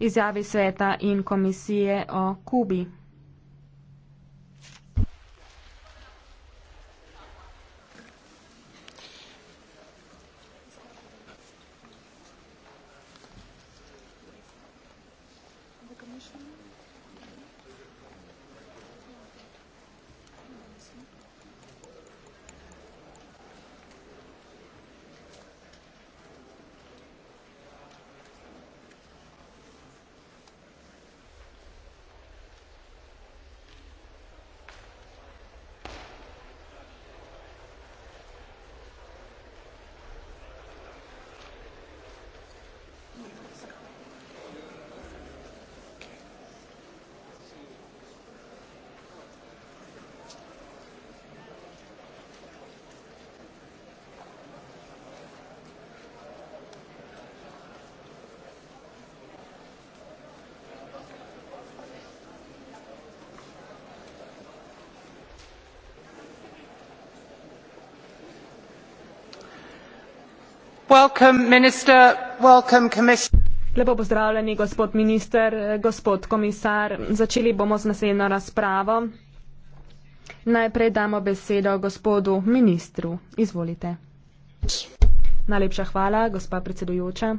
izjavi sveta in komisije o Kubi. lepo pozdravljeni gospod minister gospod komisar začeli bomo z naslednjo razpravo najprej damo besedo gospodu ministru izvolite najlepša hvala gospa predsedujoča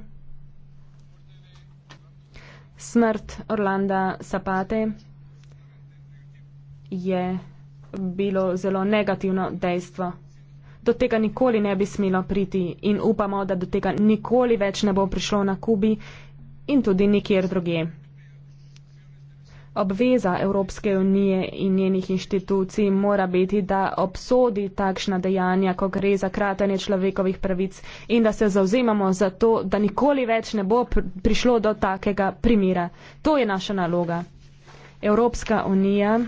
smrt orlanda sapate je bilo zelo negativno dejstvo do tega nikoli ne bi smelo priti in upamo, da do tega nikoli več ne bo prišlo na Kubi in tudi nikjer druge. Obveza Evropske unije in njenih inštitucij mora biti, da obsodi takšna dejanja, ko gre za kratanje človekovih pravic in da se zauzemamo za to, da nikoli več ne bo prišlo do takega primira. To je naša naloga. Evropska unija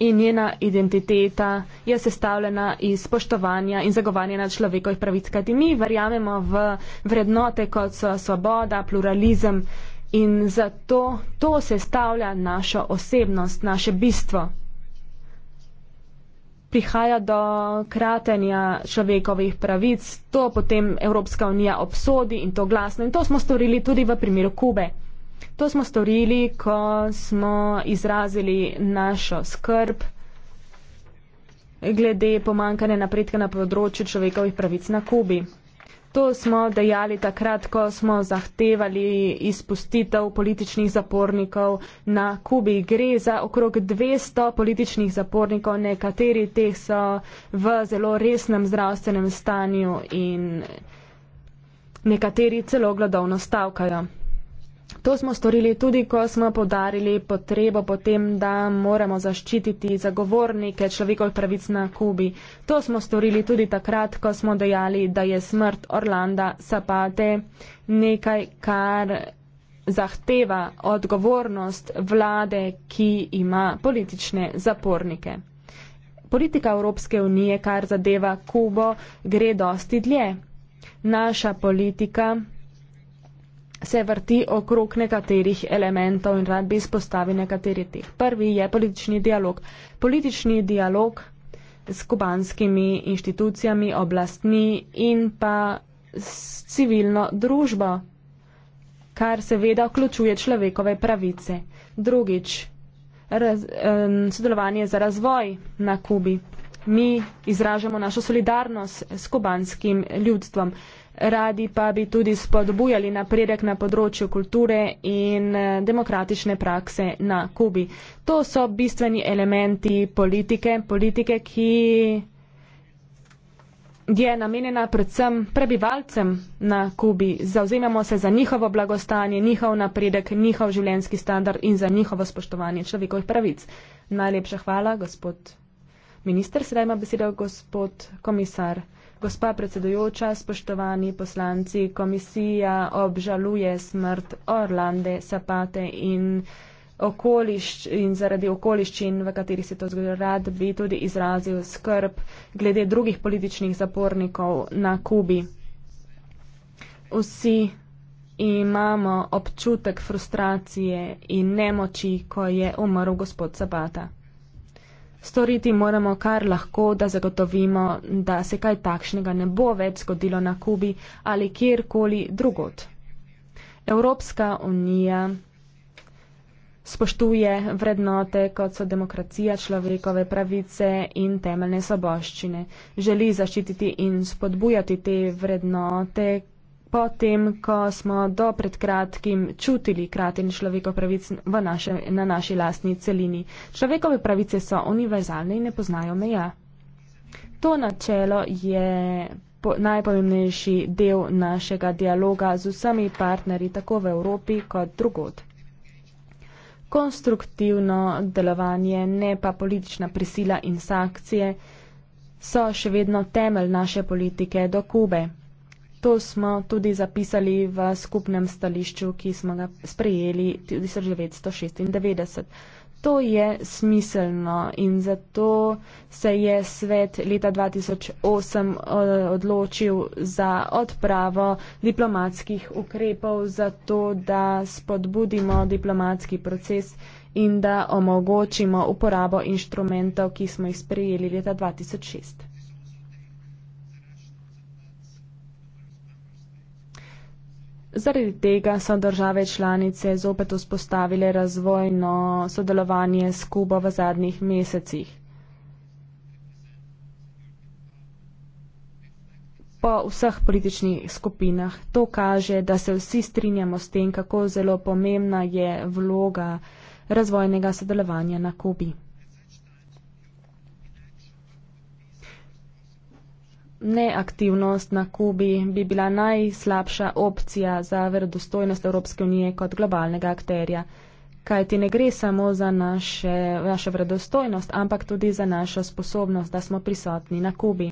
in njena identiteta je sestavljena iz spoštovanja in zagovanja človekovih pravic. Kajti mi verjamemo v vrednote kot so svoboda, pluralizem in zato to sestavlja našo osebnost, naše bistvo. Prihaja do kratenja človekovih pravic, to potem Evropska unija obsodi in to glasno. In to smo storili tudi v primeru Kube. To smo storili, ko smo izrazili našo skrb glede pomankanja napredka na področju človekovih pravic na Kubi. To smo dejali takrat, ko smo zahtevali izpustitev političnih zapornikov na Kubi. Gre za okrog 200 političnih zapornikov, nekateri teh so v zelo resnem zdravstvenem stanju in nekateri celo gladovno stavkajo. To smo storili tudi, ko smo podarili potrebo potem, da moramo zaščititi zagovornike človekov pravic na Kubi. To smo storili tudi takrat, ko smo dejali, da je smrt Orlanda Sapate nekaj, kar zahteva odgovornost vlade, ki ima politične zapornike. Politika Evropske unije, kar zadeva Kubo, gre dosti dlje. Naša politika se vrti okrog nekaterih elementov in rad bi izpostavil nekateri teh. Prvi je politični dialog. Politični dialog s kubanskimi inštitucijami, oblastmi in pa s civilno družbo, kar seveda vključuje človekove pravice. Drugič, raz, um, sodelovanje za razvoj na Kubi. Mi izražamo našo solidarnost s kubanskim ljudstvom radi pa bi tudi spodbujali napredek na področju kulture in eh, demokratične prakse na Kubi. To so bistveni elementi politike, politike, ki je namenjena predvsem prebivalcem na Kubi. Zauzemamo se za njihovo blagostanje, njihov napredek, njihov življenski standard in za njihovo spoštovanje človekovih pravic. Najlepša hvala, gospod minister. Sedaj ima besedo gospod komisar. Gospa predsedujoča, spoštovani poslanci, komisija obžaluje smrt Orlande Sapate in, okolišč, in zaradi okoliščin, v katerih se to zgodilo, rad bi tudi izrazil skrb glede drugih političnih zapornikov na Kubi. Vsi imamo občutek frustracije in nemoči, ko je umrl gospod Sapata. Storiti moramo kar lahko, da zagotovimo, da se kaj takšnega ne bo več zgodilo na Kubi ali kjerkoli drugot. Evropska unija spoštuje vrednote, kot so demokracija, človekove pravice in temeljne soboščine. Želi zaščititi in spodbujati te vrednote, potem, ko smo do pred kratkim čutili kraten človekov pravic naše, na naši lastni celini. Človekove pravice so univerzalne in ne poznajo meja. To načelo je po, najpomembnejši del našega dialoga z vsemi partnerji tako v Evropi kot drugod. Konstruktivno delovanje, ne pa politična prisila in sankcije so še vedno temelj naše politike do Kube. To smo tudi zapisali v skupnem stališču, ki smo ga sprejeli 1996. To je smiselno in zato se je svet leta 2008 odločil za odpravo diplomatskih ukrepov, zato da spodbudimo diplomatski proces in da omogočimo uporabo inštrumentov, ki smo jih sprejeli leta 2006. Zaradi tega so države članice zopet vzpostavile razvojno sodelovanje s Kubo v zadnjih mesecih. Po vseh političnih skupinah. To kaže, da se vsi strinjamo s tem, kako zelo pomembna je vloga razvojnega sodelovanja na Kubi. neaktivnost na Kubi bi bila najslabša opcija za verodostojnost Evropske unije kot globalnega akterja. Kaj ti ne gre samo za naše, našo vredostojnost, ampak tudi za našo sposobnost, da smo prisotni na Kubi.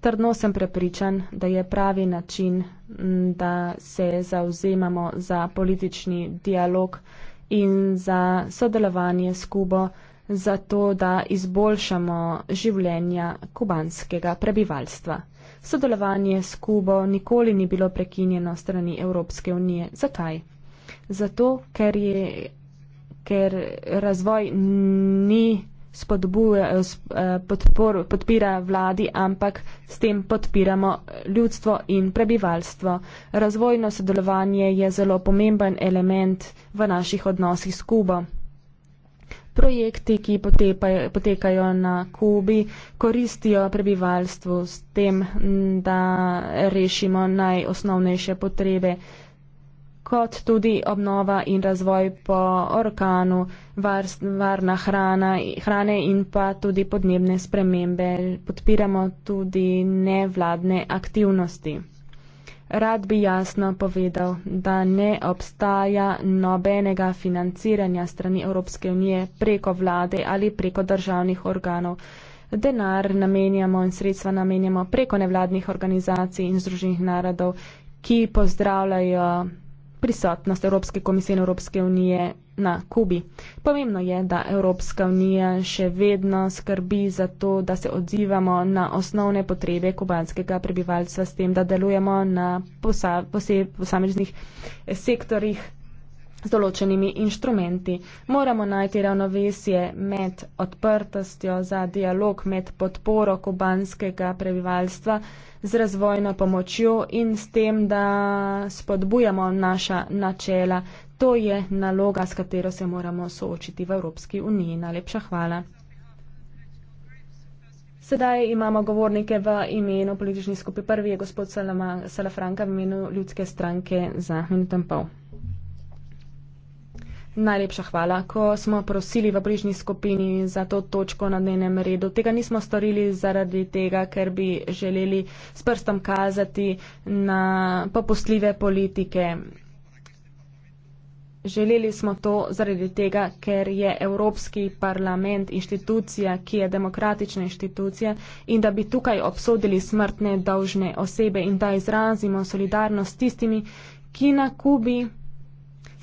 Trdno sem prepričan, da je pravi način, da se zauzemamo za politični dialog in za sodelovanje s Kubo za to, da izboljšamo življenja kubanskega prebivalstva. Sodelovanje s Kubo nikoli ni bilo prekinjeno strani Evropske unije. Zakaj? Zato, ker, je, ker razvoj ni eh, podpor, podpira vladi, ampak s tem podpiramo ljudstvo in prebivalstvo. Razvojno sodelovanje je zelo pomemben element v naših odnosih s Kubo projekti, ki potekajo na Kubi, koristijo prebivalstvu s tem, da rešimo najosnovnejše potrebe, kot tudi obnova in razvoj po orkanu, varna hrana, hrane in pa tudi podnebne spremembe. Podpiramo tudi nevladne aktivnosti rad bi jasno povedal, da ne obstaja nobenega financiranja strani Evropske unije preko vlade ali preko državnih organov. Denar namenjamo in sredstva namenjamo preko nevladnih organizacij in združenih narodov, ki pozdravljajo prisotnost Evropske komisije in Evropske unije na Kubi. Pomembno je, da Evropska unija še vedno skrbi za to, da se odzivamo na osnovne potrebe kubanskega prebivalstva s tem, da delujemo na posameznih sektorjih z določenimi inštrumenti. Moramo najti ravnovesje med odprtostjo za dialog, med podporo kubanskega prebivalstva z razvojno pomočjo in s tem, da spodbujamo naša načela. To je naloga, s katero se moramo soočiti v Evropski uniji. Najlepša hvala. Sedaj imamo govornike v imenu politični skupi. Prvi je gospod Salama, Salafranka v imenu ljudske stranke za minuto in pol. Najlepša hvala. Ko smo prosili v bližnji skupini za to točko na dnevnem redu, tega nismo storili zaradi tega, ker bi želeli s prstom kazati na popustljive politike. Želeli smo to zaradi tega, ker je Evropski parlament inštitucija, ki je demokratična inštitucija in da bi tukaj obsodili smrtne dolžne osebe in da izrazimo solidarnost tistimi, ki na Kubi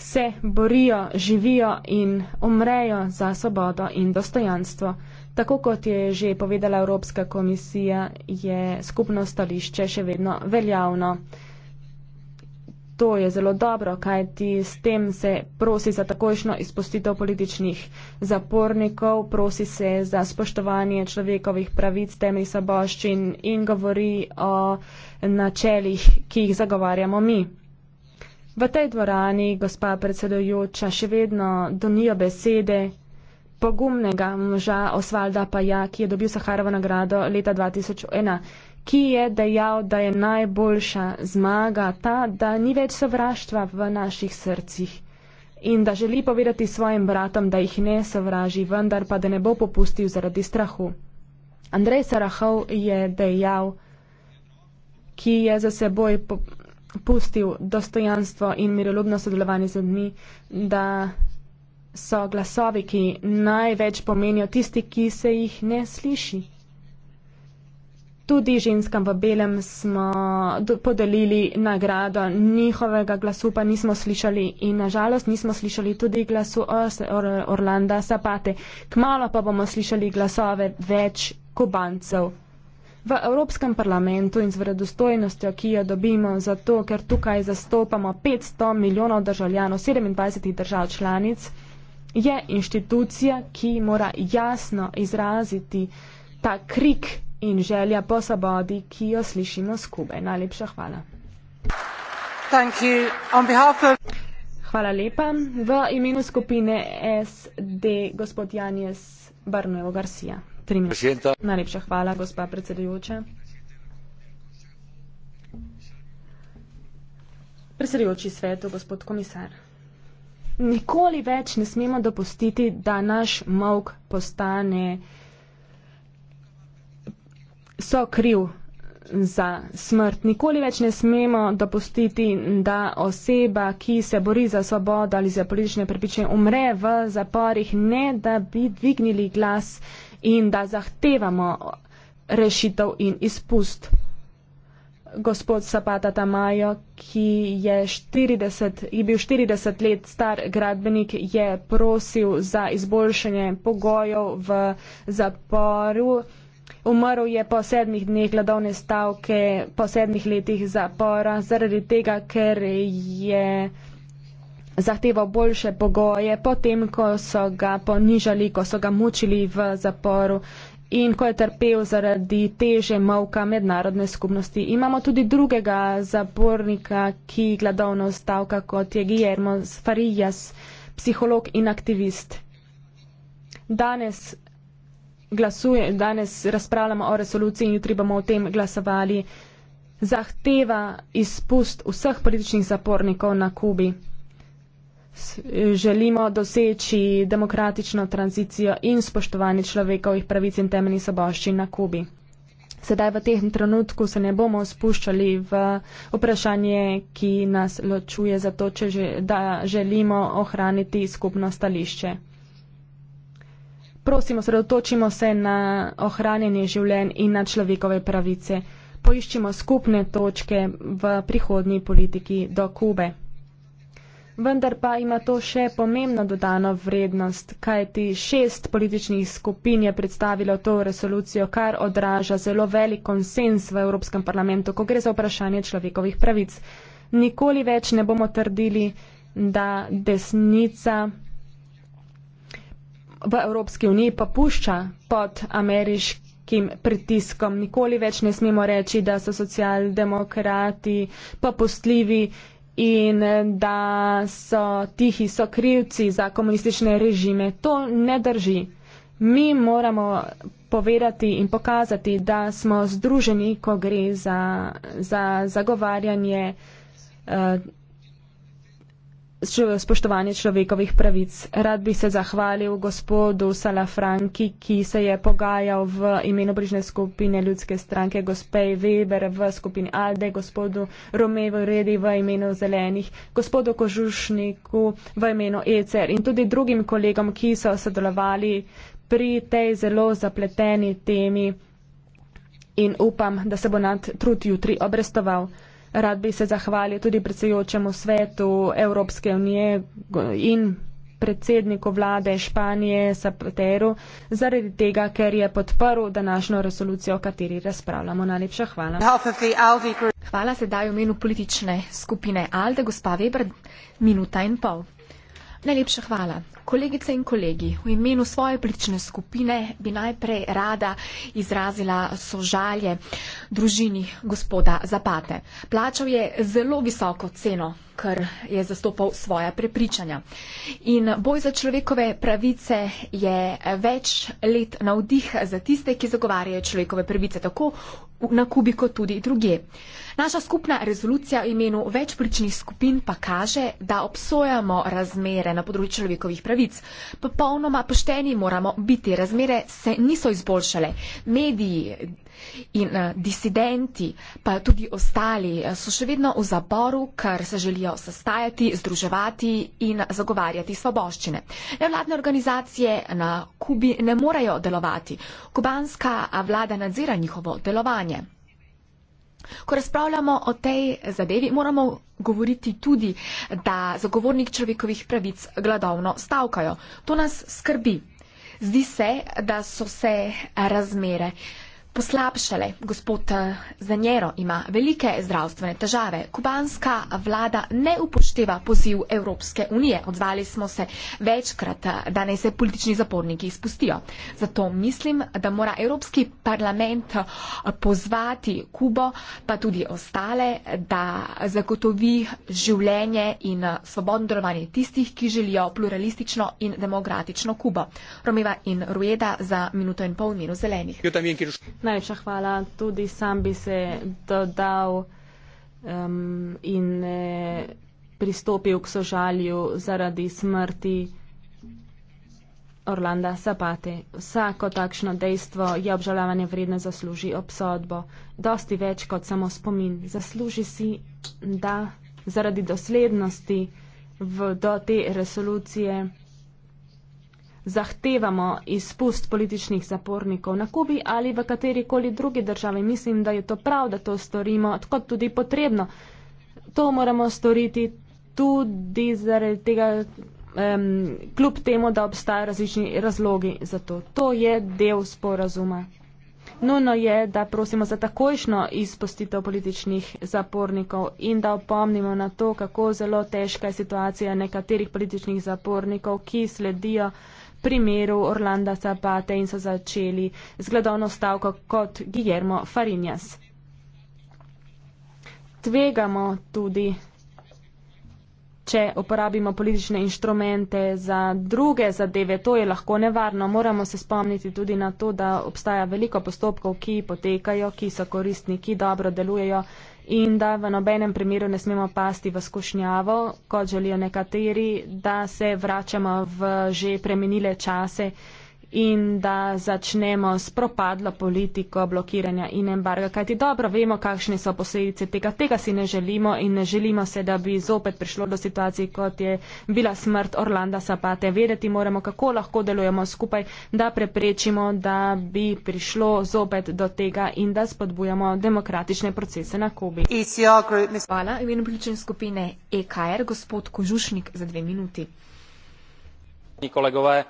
se borijo, živijo in umrejo za svobodo in dostojanstvo. Tako kot je že povedala Evropska komisija, je skupno stališče še vedno veljavno. To je zelo dobro, kajti s tem se prosi za takojšno izpustitev političnih zapornikov, prosi se za spoštovanje človekovih pravic, temi saboščin in govori o načelih, ki jih zagovarjamo mi. V tej dvorani, gospa predsedujoča, še vedno donijo besede pogumnega moža Osvalda Paja, ki je dobil Saharovo nagrado leta 2001, ki je dejal, da je najboljša zmaga ta, da ni več sovraštva v naših srcih in da želi povedati svojim bratom, da jih ne sovraži, vendar pa da ne bo popustil zaradi strahu. Andrej Sarahov je dejal, ki je za seboj pustil dostojanstvo in miroljubno sodelovanje z ljudmi, da so glasovi, ki največ pomenijo tisti, ki se jih ne sliši. Tudi ženskam v belem smo podelili nagrado, njihovega glasu pa nismo slišali in nažalost nismo slišali tudi glasu Orlanda Zapate. Kmalo pa bomo slišali glasove več kubancev v Evropskem parlamentu in z vredostojnostjo, ki jo dobimo zato, ker tukaj zastopamo 500 milijonov državljanov 27 držav članic, je inštitucija, ki mora jasno izraziti ta krik in želja po svobodi, ki jo slišimo skupaj. Najlepša hvala. Hvala lepa. V imenu skupine SD gospod Janjes Barnuevo Garcia. Najlepša hvala, gospa predsedujoča. Predsedujoči svetu, gospod komisar. Nikoli več ne smemo dopustiti, da naš mok postane so kriv za smrt. Nikoli več ne smemo dopustiti, da oseba, ki se bori za svobodo ali za politične prepičenje, umre v zaporih, ne da bi dvignili glas in da zahtevamo rešitev in izpust. Gospod Sapata Tamajo, ki je, 40, je bil 40 let star gradbenik, je prosil za izboljšanje pogojev v zaporu. Umrl je po sedmih dneh gladovne stavke, po sedmih letih zapora, zaradi tega, ker je zahteval boljše pogoje, potem ko so ga ponižali, ko so ga mučili v zaporu in ko je trpel zaradi teže mavka mednarodne skupnosti. Imamo tudi drugega zapornika, ki gladovno stavka kot je Guillermo Farijas, psiholog in aktivist. Danes, glasuje, danes razpravljamo o resoluciji in jutri bomo o tem glasovali. Zahteva izpust vseh političnih zapornikov na Kubi želimo doseči demokratično tranzicijo in spoštovanje človekovih pravic in temeljnih soboščin na Kubi. Sedaj v tem trenutku se ne bomo spuščali v vprašanje, ki nas ločuje za to, če že, da želimo ohraniti skupno stališče. Prosimo, sredotočimo se na ohranjanje življenj in na človekove pravice. Poiščimo skupne točke v prihodnji politiki do Kube vendar pa ima to še pomembno dodano vrednost, kajti šest političnih skupin je predstavilo to resolucijo, kar odraža zelo velik konsens v Evropskem parlamentu, ko gre za vprašanje človekovih pravic. Nikoli več ne bomo trdili, da desnica v Evropski uniji popušča pod ameriški pritiskom. Nikoli več ne smemo reči, da so socialdemokrati popustljivi in eh, da so tihi sokrivci za komunistične režime. To ne drži. Mi moramo povedati in pokazati, da smo združeni, ko gre za, za zagovarjanje. Uh, spoštovanje človekovih pravic. Rad bi se zahvalil gospodu Salafranki, ki se je pogajal v imenu bližne skupine ljudske stranke, gospe Weber v skupini Alde, gospodu Romevu Redi v imenu zelenih, gospodu Kožušniku v imenu ECR in tudi drugim kolegom, ki so sodelovali pri tej zelo zapleteni temi in upam, da se bo nad trud jutri obrestoval. Rad bi se zahvalil tudi predsedujočemu svetu Evropske unije in predsedniku vlade Španije Zapateru zaradi tega, ker je podprl današnjo resolucijo, o kateri razpravljamo. Najlepša hvala. Hvala sedaj v imenu politične skupine Alde, gospa Weber, minuta in pol. Najlepša hvala. Kolegice in kolegi, v imenu svoje prične skupine bi najprej rada izrazila sožalje družini gospoda Zapate. Plačal je zelo visoko ceno ker je zastopal svoja prepričanja. In boj za človekove pravice je več let navdih za tiste, ki zagovarjajo človekove pravice tako na Kubi kot tudi druge. Naša skupna rezolucija v imenu več političnih skupin pa kaže, da obsojamo razmere na področju človekovih pravic. Popolnoma pošteni moramo biti. Razmere se niso izboljšale. Mediji in eh, disidenti, pa tudi ostali, eh, so še vedno v zaboru, ker se želi rabijo sestajati, združevati in zagovarjati svoboščine. Nevladne organizacije na Kubi ne morejo delovati. Kubanska vlada nadzira njihovo delovanje. Ko razpravljamo o tej zadevi, moramo govoriti tudi, da zagovornik človekovih pravic gladovno stavkajo. To nas skrbi. Zdi se, da so se razmere poslabšale. Gospod eh, Zanjero ima velike zdravstvene težave. Kubanska vlada ne upošteva poziv Evropske unije. Odzvali smo se večkrat, eh, da naj se politični zaporniki izpustijo. Zato mislim, da mora Evropski parlament eh, pozvati Kubo, pa tudi ostale, da zagotovi življenje in svobodno delovanje tistih, ki želijo pluralistično in demokratično Kubo. Romeva in Rueda za minuto in pol minuto zelenih. Najlepša hvala. Tudi sam bi se dodal um, in eh, pristopil k sožalju zaradi smrti Orlanda Zapate. Vsako takšno dejstvo je obžalovanje vredno, zasluži obsodbo. Dosti več kot samo spomin. Zasluži si, da zaradi doslednosti v, do te resolucije zahtevamo izpust političnih zapornikov na Kubi ali v katerikoli drugi državi. Mislim, da je to prav, da to storimo, tako tudi potrebno. To moramo storiti tudi zaradi tega, um, kljub temu, da obstajajo različni razlogi za to. To je del sporazuma. Nuno je, da prosimo za takojšno izpustitev političnih zapornikov in da opomnimo na to, kako zelo težka je situacija nekaterih političnih zapornikov, ki sledijo primeru Orlanda Zapate in so začeli z gladovno stavko kot Guillermo Farinjas. Tvegamo tudi če uporabimo politične inštrumente za druge zadeve, to je lahko nevarno. Moramo se spomniti tudi na to, da obstaja veliko postopkov, ki potekajo, ki so koristni, ki dobro delujejo in da v nobenem primeru ne smemo pasti v skušnjavo, kot želijo nekateri, da se vračamo v že premenile čase in da začnemo s propadlo politiko blokiranja in embarga, kajti dobro vemo, kakšne so posledice tega. Tega si ne želimo in ne želimo se, da bi zopet prišlo do situacije, kot je bila smrt Orlanda Sapate. Vedeti moramo, kako lahko delujemo skupaj, da preprečimo, da bi prišlo zopet do tega in da spodbujamo demokratične procese na Kubi. E Hvala v imenu politične skupine EKR, gospod Kožušnik za dve minuti. Nikolegove.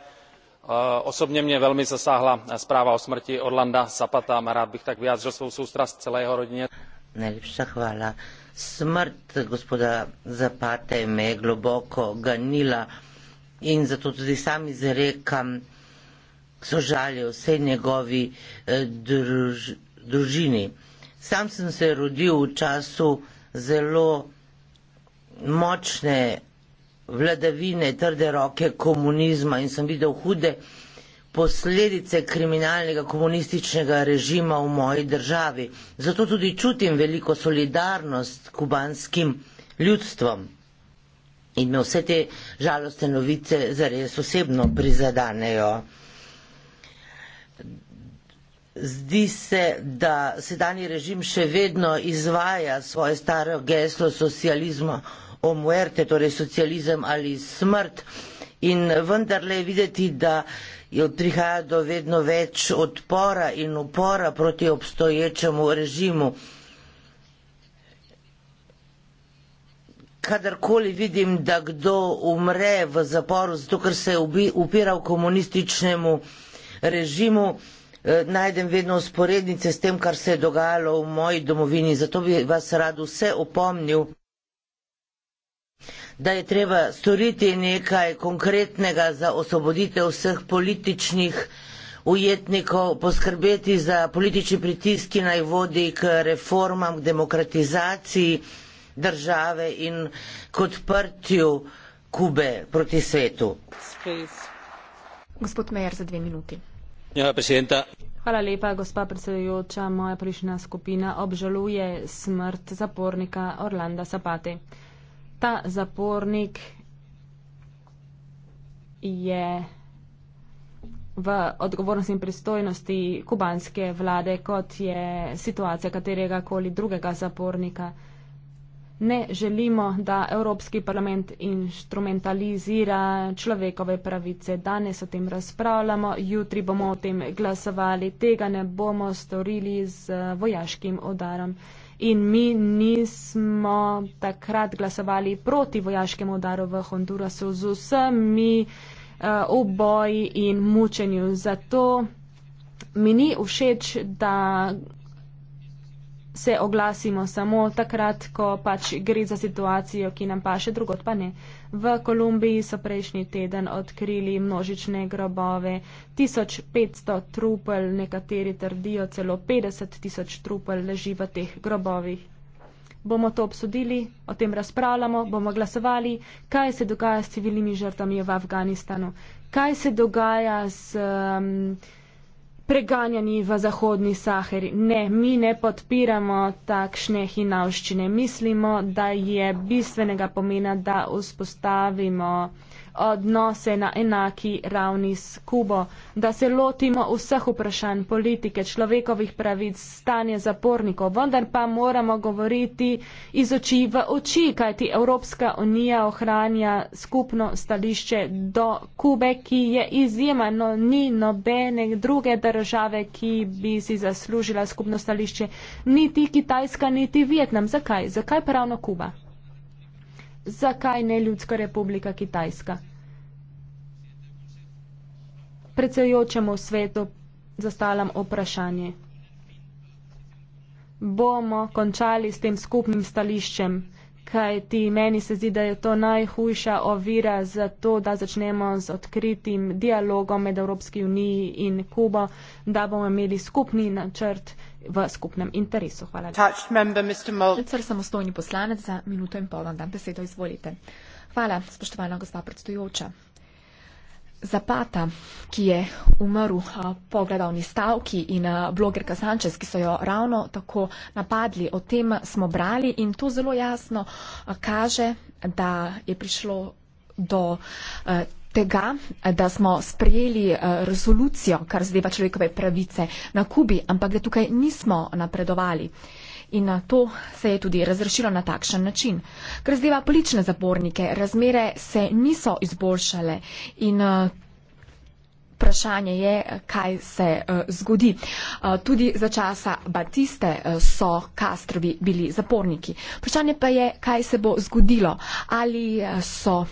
Eh, osobně mě velmi zasáhla zpráva o smrti orlana zapaty a rád bych tak vyjádřil svou soustrast celé jeho rodině. Najlepša hvala. Smrt gospoda Zapate me je globoko ganila in zato tudi sam izrekam sožalje vsej njegovi eh, druž, družini. Sam sem se rodil v času zelo močne vladavine trde roke komunizma in sem videl hude posledice kriminalnega komunističnega režima v moji državi. Zato tudi čutim veliko solidarnost kubanskim ljudstvom. In me vse te žalostne novice zares osebno prizadanejo. Zdi se, da sedanji režim še vedno izvaja svoje staro geslo socializma o muerte, torej socializem ali smrt. In vendarle je videti, da prihaja do vedno več odpora in upora proti obstoječemu režimu. Kadarkoli vidim, da kdo umre v zaporu, zato ker se je upiral komunističnemu režimu, eh, najdem vedno sporednice s tem, kar se je dogajalo v moji domovini. Zato bi vas rad vse opomnil da je treba storiti nekaj konkretnega za osvoboditev vseh političnih ujetnikov, poskrbeti za politični pritisk, ki naj vodi k reformam, k demokratizaciji države in k odprtju Kube proti svetu. Gospod Mejer, za dve minuti. Ja, Hvala lepa, gospa predsedujoča. Moja prejšnja skupina obžaluje smrt zapornika Orlanda Zapate ta zapornik je v odgovornosti in pristojnosti kubanske vlade, kot je situacija katerega koli drugega zapornika. Ne želimo, da Evropski parlament inštrumentalizira človekove pravice. Danes o tem razpravljamo, jutri bomo o tem glasovali. Tega ne bomo storili z vojaškim udarom in mi nismo takrat glasovali proti vojaškemu udaru v Hondurasu z vsemi eh, uboji uh, in mučenju. Zato mi ni všeč, da se oglasimo samo takrat, ko pač gre za situacijo, ki nam paše, drugot pa ne. V Kolumbiji so prejšnji teden odkrili množične grobove, 1500 trupel, nekateri trdijo celo 50 tisoč trupel leži v teh grobovih. Bomo to obsodili, o tem razpravljamo, bomo glasovali, kaj se dogaja s civilnimi žrtvami v Afganistanu, kaj se dogaja s. Um, preganjani v zahodni Saheri. Ne, mi ne podpiramo takšne hinavščine. Mislimo, da je bistvenega pomena, da vzpostavimo odnose na enaki ravni s Kubo, da se lotimo vseh vprašanj politike, človekovih pravic, stanje zapornikov, vendar pa moramo govoriti iz oči v oči, kajti Evropska unija ohranja skupno stališče do Kube, ki je izjemno, ni nobene druge države, ki bi si zaslužila skupno stališče, niti Kitajska, niti Vietnam. Zakaj? Zakaj pa ravno Kuba? zakaj ne Ljudska republika Kitajska? Predsedujočemu svetu zastavljam vprašanje. Bomo končali s tem skupnim stališčem, kaj ti meni se zdi, da je to najhujša ovira za to, da začnemo z odkritim dialogom med Evropski uniji in Kubo, da bomo imeli skupni načrt v skupnem interesu. Hvala lepa. Predsedujoči samostojni poslanec, za minuto in pol vam dam besedo, izvolite. Hvala, spoštovana gospa predsedujoča. Zapata, ki je umrl po gledovni stavki in blogerka Sančes, ki so jo ravno tako napadli, o tem smo brali in to zelo jasno kaže, da je prišlo do tega, da smo sprejeli eh, rezolucijo, kar zdeva človekove pravice na Kubi, ampak da tukaj nismo napredovali. In eh, to se je tudi razrešilo na takšen način. Kar zdeva politične zapornike, razmere se niso izboljšale in eh, vprašanje je, kaj se zgodi. Tudi za časa Batiste so Kastrovi bili zaporniki. Vprašanje pa je, kaj se bo zgodilo. Ali so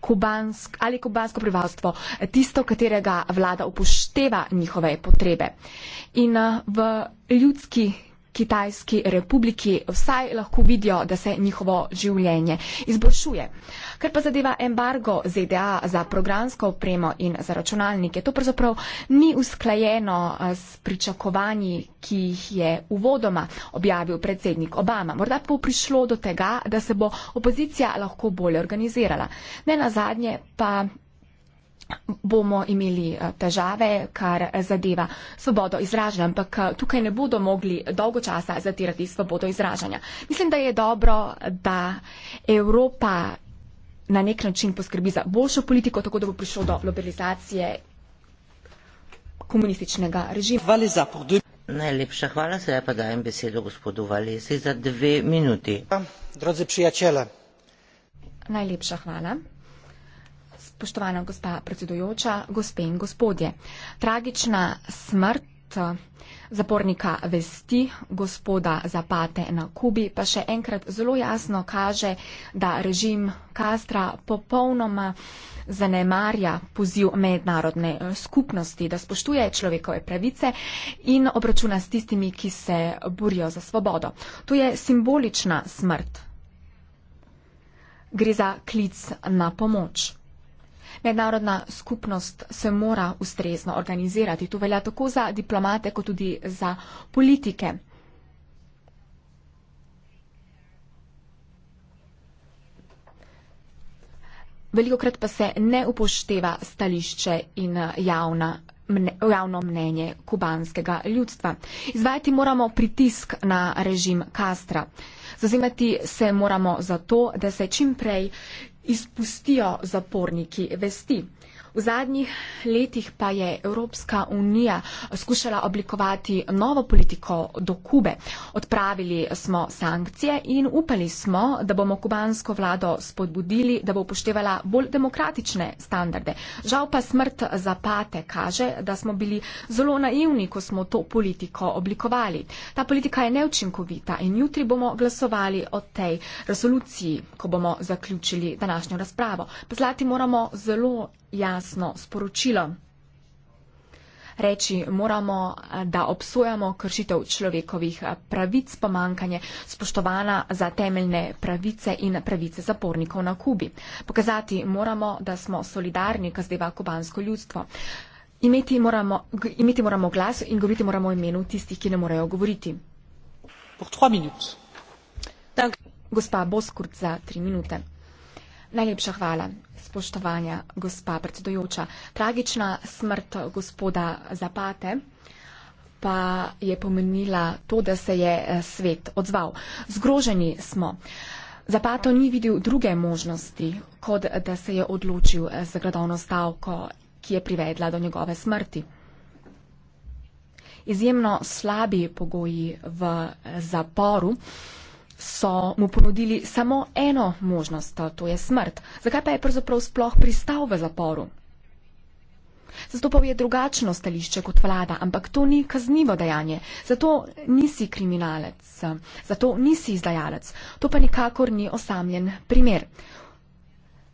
kubansk, ali kubansko prebivalstvo, tisto, katerega vlada upošteva njihove potrebe. In eh, v ljudski Kitajski republiki vsaj lahko vidijo, da se njihovo življenje izboljšuje. Ker pa zadeva embargo ZDA za programsko opremo in za računalnike, to pravzaprav ni usklajeno s pričakovanji, ki jih je uvodoma objavil predsednik Obama. Morda pa bo prišlo do tega, da se bo opozicija lahko bolje organizirala. Ne na zadnje pa bomo imeli eh, težave, kar zadeva svobodo izražanja, ampak eh, tukaj ne bodo mogli dolgo časa zatirati svobodo izražanja. Mislim, da je dobro, da Evropa na nek način poskrbi za boljšo politiko, tako da bo prišlo do globalizacije komunističnega režima. Najlepša hvala, sedaj pa dajem besedo gospodu Valesi za dve minuti. Najlepša hvala spoštovana gospa predsedujoča, gospe in gospodje. Tragična smrt eh, zapornika vesti, gospoda Zapate na Kubi, pa še enkrat zelo jasno kaže, da režim Kastra popolnoma zanemarja poziv mednarodne eh, skupnosti, da spoštuje človekove pravice in obračuna s tistimi, ki se borijo za svobodo. To je simbolična smrt. Gre za klic na pomoč. Mednarodna skupnost se mora ustrezno organizirati. To velja tako za diplomate, kot tudi za politike. Velikokrat pa se ne upošteva stališče in javna, mne, javno mnenje kubanskega ljudstva. Izvajati moramo pritisk na režim Kastra. Zazimati se moramo za to, da se čim prej izpustijo zaporniki vesti. V zadnjih letih pa je Evropska unija skušala oblikovati novo politiko do Kube. Odpravili smo sankcije in upali smo, da bomo kubansko vlado spodbudili, da bo upoštevala bolj demokratične standarde. Žal pa smrt zapate kaže, da smo bili zelo naivni, ko smo to politiko oblikovali. Ta politika je neučinkovita in jutri bomo glasovali o tej resoluciji, ko bomo zaključili današnjo razpravo. Pa zlati moramo zelo jasno sporočilo. Reči moramo, da obsojamo kršitev človekovih pravic, pomankanje spoštovana za temeljne pravice in pravice zapornikov na Kubi. Pokazati moramo, da smo solidarni, kar zdaj kubansko ljudstvo. Imeti moramo, imeti moramo glas in govoriti moramo o imenu tistih, ki ne morejo govoriti. Gospa Boskurt za tri minute. Najlepša hvala spoštovanja, gospa predsedujoča. Tragična smrt gospoda Zapate pa je pomenila to, da se je eh, svet odzval. Zgroženi smo. Zapato ni videl druge možnosti, kot da se je odločil eh, za gradovno stavko, ki je privedla do njegove smrti. Izjemno slabi pogoji v eh, zaporu so mu ponudili samo eno možnost, to je smrt. Zakaj pa je pravzaprav sploh pristal v zaporu? Zastopal je drugačno stališče kot vlada, ampak to ni kaznivo dejanje. Zato nisi kriminalec, zato nisi izdajalec. To pa nikakor ni osamljen primer.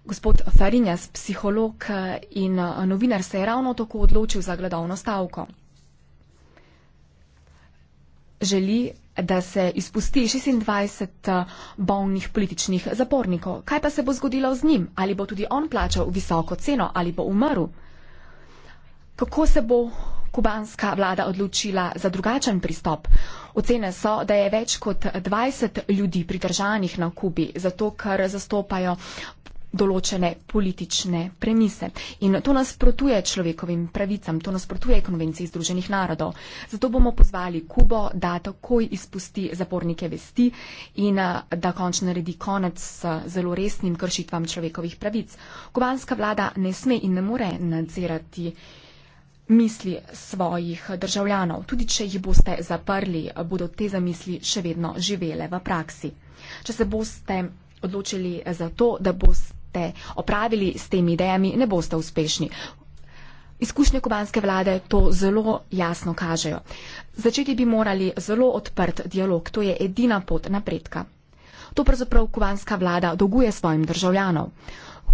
Gospod Farinjas, psiholog in novinar, se je ravno tako odločil za gledovno stavko. Želi da se izpusti 26 eh, bolnih političnih zapornikov. Kaj pa se bo zgodilo z njim? Ali bo tudi on plačal visoko ceno ali bo umrl? Kako se bo kubanska vlada odločila za drugačen pristop? Ocene so, da je več kot 20 ljudi pridržanih na Kubi, zato ker zastopajo določene politične premise. In to nasprotuje človekovim pravicam, to nasprotuje konvenciji Združenih narodov. Zato bomo pozvali Kubo, da takoj izpusti zapornike vesti in eh, da končno naredi konec s zelo resnim kršitvam človekovih pravic. Kubanska vlada ne sme in ne more nadzirati misli svojih državljanov. Tudi, če jih boste zaprli, bodo te zamisli še vedno živele v praksi. Če se boste odločili za to, da boste opravili s temi idejami, ne boste uspešni. Izkušnje kubanske vlade to zelo jasno kažejo. Začeti bi morali zelo odprt dialog, to je edina pot napredka. To pravzaprav kubanska vlada dolguje svojim državljanom.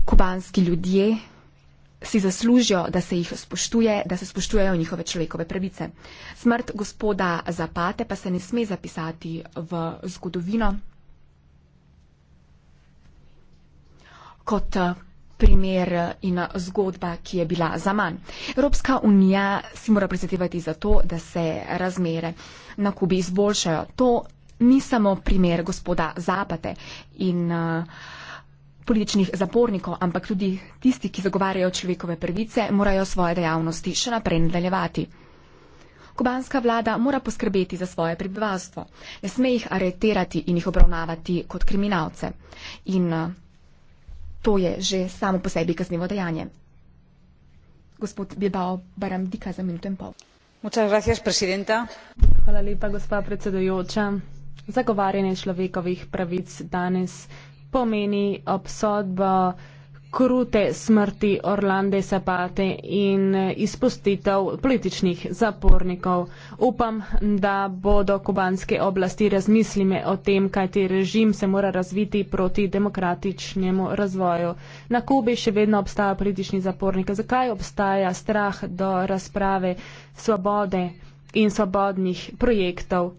Kubanski ljudje si zaslužijo, da se jih spoštuje, da se spoštujejo njihove človekove pravice. Smrt gospoda Zapate pa se ne sme zapisati v zgodovino. kot eh, primer eh, in eh, zgodba, ki je bila za manj. Evropska unija si mora prizadevati za to, da se razmere na Kubi izboljšajo. To ni samo primer gospoda Zapate in političnih zapornikov, ampak tudi tisti, ki zagovarjajo človekove prvice, morajo svoje dejavnosti še naprej nadaljevati. Kubanska vlada mora poskrbeti za svoje prebivalstvo. Ne sme jih areterati in jih obravnavati kot kriminalce. In to je že samo po sebi kaznivo dejanje. Gospod Bilbao, baram dika za minuto in pol. Hvala lepa, gospa predsedujoča. Zagovarjanje človekovih pravic danes pomeni obsodbo krute smrti Orlande Zapate in eh, izpustitev političnih zapornikov. Upam, da bodo kubanske oblasti razmislile o tem, kaj ti režim se mora razviti proti demokratičnemu razvoju. Na Kubi še vedno obstaja politični zapornik. Zakaj obstaja strah do razprave svobode in svobodnih projektov?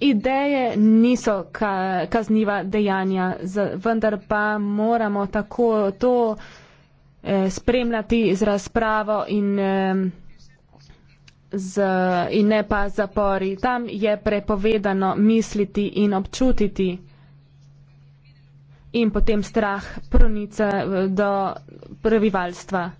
Ideje niso ka, kazniva dejanja, z, vendar pa moramo tako to eh, spremljati z razpravo in, eh, z, in ne pa zapori. Tam je prepovedano misliti in občutiti in potem strah pronica eh, do prebivalstva.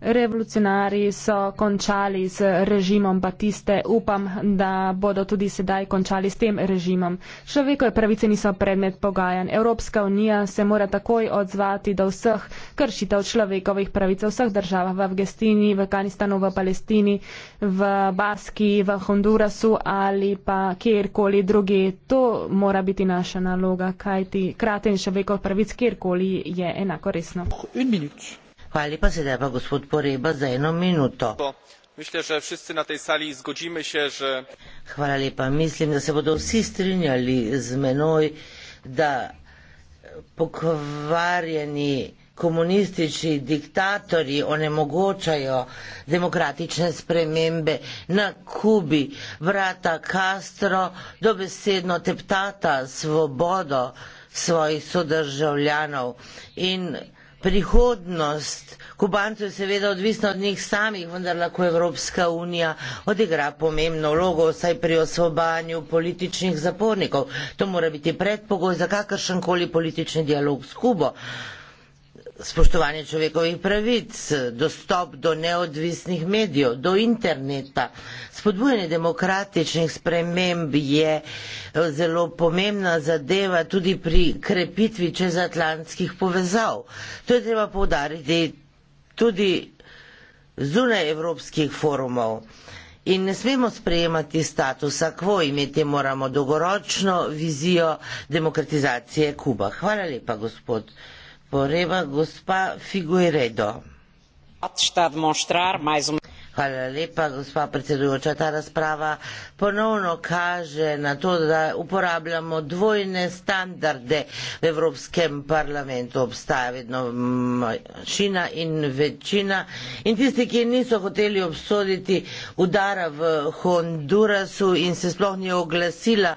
revolucionari so končali z režimom Batiste, upam, da bodo tudi sedaj končali s tem režimom. Človekove pravice niso predmet pogajanj. Evropska unija se mora takoj odzvati do vseh kršitev človekovih pravic v vseh državah, v Afganistini, v Kanistanu, v Palestini, v Baski, v Hondurasu ali pa kjerkoli druge. To mora biti naša naloga, kajti kratenje človekovih pravic kjerkoli je enako resno. Myślę, że wszyscy na tej sali zgodzimy się, że. Hvala lepa. Mislim, da se bodo vsi strinjali z menoj, da pokvarjeni komunistični diktatorji onemogočajo demokratične spremembe na Kubi. Vrata Castro dobesedno teptata svobodo svojih sodržavljanov in prihodnost Kubancev je seveda odvisna od njih samih, vendar lahko Evropska unija odigra pomembno vlogo vsaj pri osvobanju političnih zapornikov. To mora biti predpogoj za kakršen koli politični dialog s Kubo spoštovanje človekovih pravic, dostop do neodvisnih medijev, do interneta, spodbujanje demokratičnih sprememb je eh, zelo pomembna zadeva tudi pri krepitvi čezatlantskih povezav. To je treba povdariti tudi zunaj evropskih forumov. In ne smemo sprejemati statusa quo, imeti moramo dolgoročno vizijo demokratizacije Kuba. Hvala lepa, gospod. Poreva gospa Figueiredo. Está a demonstrar mais uma Hvala lepa, gospa predsedujoča. Ta razprava ponovno kaže na to, da uporabljamo dvojne standarde v Evropskem parlamentu. Obstaja vedno manjšina in večina. In tisti, ki niso hoteli obsoditi udara v Hondurasu in se sploh ni oglasila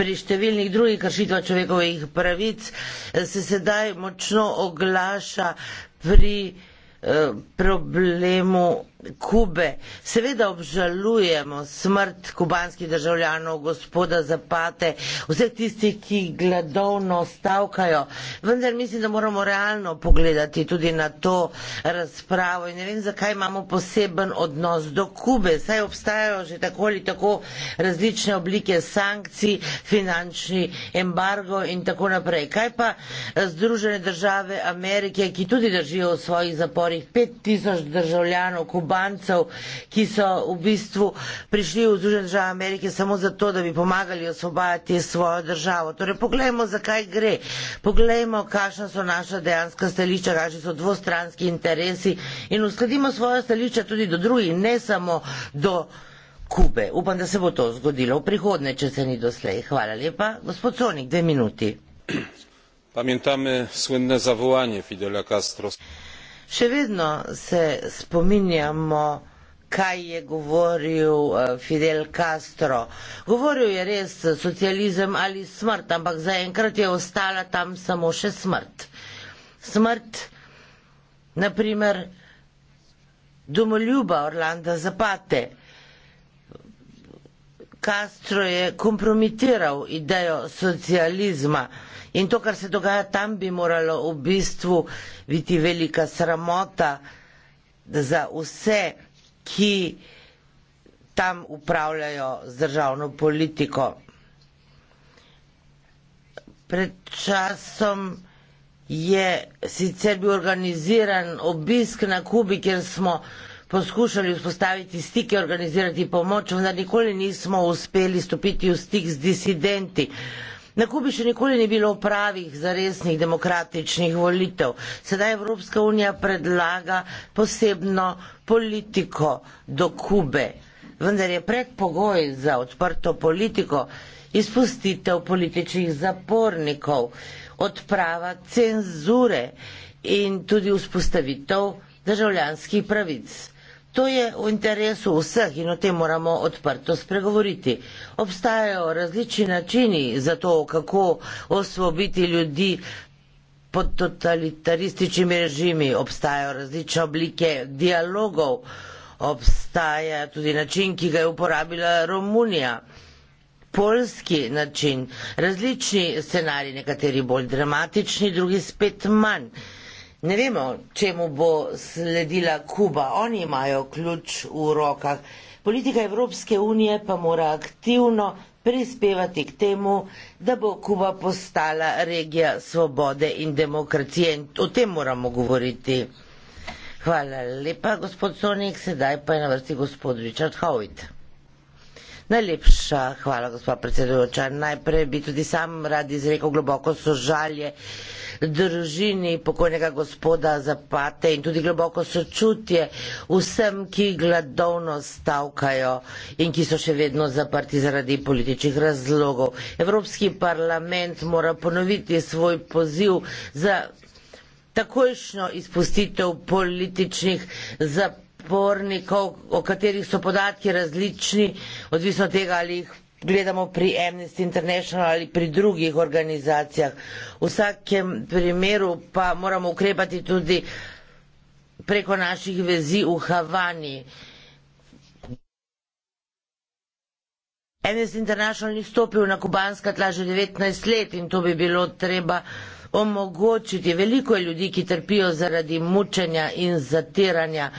pri številnih drugih kršitvah človekovih pravic, se sedaj močno oglaša pri eh, problemu Kube. Seveda obžalujemo smrt kubanskih državljanov, gospoda Zapate, vseh tistih, ki gladovno stavkajo, vendar mislim, da moramo realno pogledati tudi na to razpravo in ne vem, zakaj imamo poseben odnos do Kube. Saj obstajajo že tako ali tako različne oblike sankcij, finančni embargo in tako naprej. Kaj pa Združene države Amerike, ki tudi držijo v svojih zaporih 5000 državljanov Kube? kubancev, ki so v bistvu prišli v Združene države Amerike samo zato, da bi pomagali osvobajati svojo državo. Torej, poglejmo, zakaj gre. Poglejmo, kakšna so naša dejanska stališča, kakšni so dvostranski interesi in uskladimo svoje stališča tudi do drugih, ne samo do. Kube. Upam, da se bo to zgodilo v prihodnje, če se ni doslej. Hvala lepa. Gospod Sonik, dve minuti. Pamjetame slavne zavolanje Fidela Castro. Še vedno se spominjamo, kaj je govoril eh, Fidel Castro. Govoril je res socializem ali smrt, ampak zaenkrat je ostala tam samo še smrt. Smrt, naprimer, domoljuba Orlanda Zapate. Castro je kompromitiral idejo socializma. In to, kar se dogaja tam, bi moralo v bistvu biti velika sramota za vse, ki tam upravljajo z državno politiko. Pred časom je sicer bil organiziran obisk na Kubi, kjer smo poskušali vzpostaviti stike, organizirati pomoč, vendar nikoli nismo uspeli stopiti v stik z disidenti. Na Kubi še nikoli ni bilo pravih zaresnih demokratičnih volitev. Sedaj Evropska unija predlaga posebno politiko do Kube, vendar je predpogoj za odprto politiko izpustitev političnih zapornikov, odprava cenzure in tudi vzpostavitev državljanskih pravic. To je v interesu vseh in o tem moramo odprto spregovoriti. Obstajajo različni načini za to, kako osvobiti ljudi pod totalitarističnimi režimi. Obstajajo različne oblike dialogov. Obstaja tudi način, ki ga je uporabila Romunija. Polski način, različni scenariji, nekateri bolj dramatični, drugi spet manj. Ne vemo, čemu bo sledila Kuba. Oni imajo ključ v rokah. Politika Evropske unije pa mora aktivno prispevati k temu, da bo Kuba postala regija svobode in demokracije. In o tem moramo govoriti. Hvala lepa, gospod Sonik. Sedaj pa je na vrsti gospod Richard Howitt. Najlepša hvala, gospod predsedujoča. Najprej bi tudi sam rad izrekel globoko sožalje družini pokojnega gospoda Zapate in tudi globoko sočutje vsem, ki gladovno stavkajo in ki so še vedno zaprti zaradi političnih razlogov. Evropski parlament mora ponoviti svoj poziv za takojšnjo izpustitev političnih zapornikov, o katerih so podatki različni, odvisno od tega, ali jih gledamo pri Amnesty International ali pri drugih organizacijah. V vsakem primeru pa moramo ukrepati tudi preko naših vezi v Havani. Amnesty International ni stopil na kubanska tla že 19 let in to bi bilo treba omogočiti. Veliko je ljudi, ki trpijo zaradi mučenja in zatiranja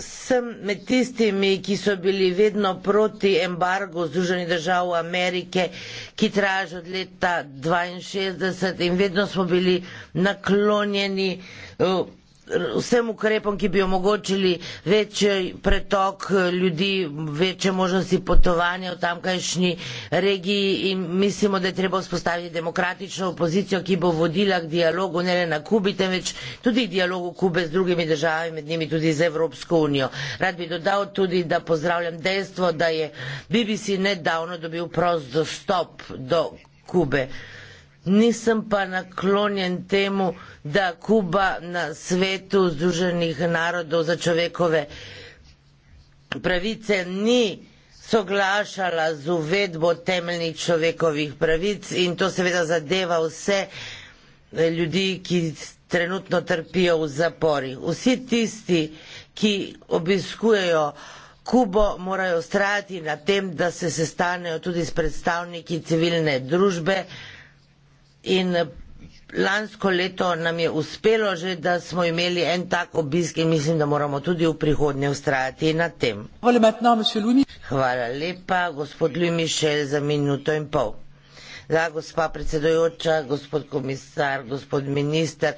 sem med tistimi, ki so bili vedno proti embargo Združenih držav Amerike, ki traži od leta 62 in vedno smo bili naklonjeni uh, vsem ukrepom, ki bi omogočili večji pretok ljudi, večje možnosti potovanja v tamkajšnji regiji in mislimo, da je treba vzpostaviti demokratično opozicijo, ki bo vodila k dialogu ne le na Kubi, temveč tudi k dialogu Kube z drugimi državami, med njimi tudi z Evropsko unijo. Rad bi dodal tudi, da pozdravljam dejstvo, da je BBC nedavno dobil prost dostop do Kube nisem pa naklonjen temu, da Kuba na svetu Združenih narodov za človekove pravice ni soglašala z uvedbo temeljnih človekovih pravic in to seveda zadeva vse eh, ljudi, ki trenutno trpijo v zapori. Vsi tisti, ki obiskujejo Kubo, morajo ustrajati na tem, da se sestanejo tudi s predstavniki civilne družbe, in lansko leto nam je uspelo že, da smo imeli en tak obisk in mislim, da moramo tudi v prihodnje ustrajati na tem. Hvala lepa, gospod Ljumišel, za minuto in pol. Da, gospa predsedojoča, gospod komisar, gospod minister.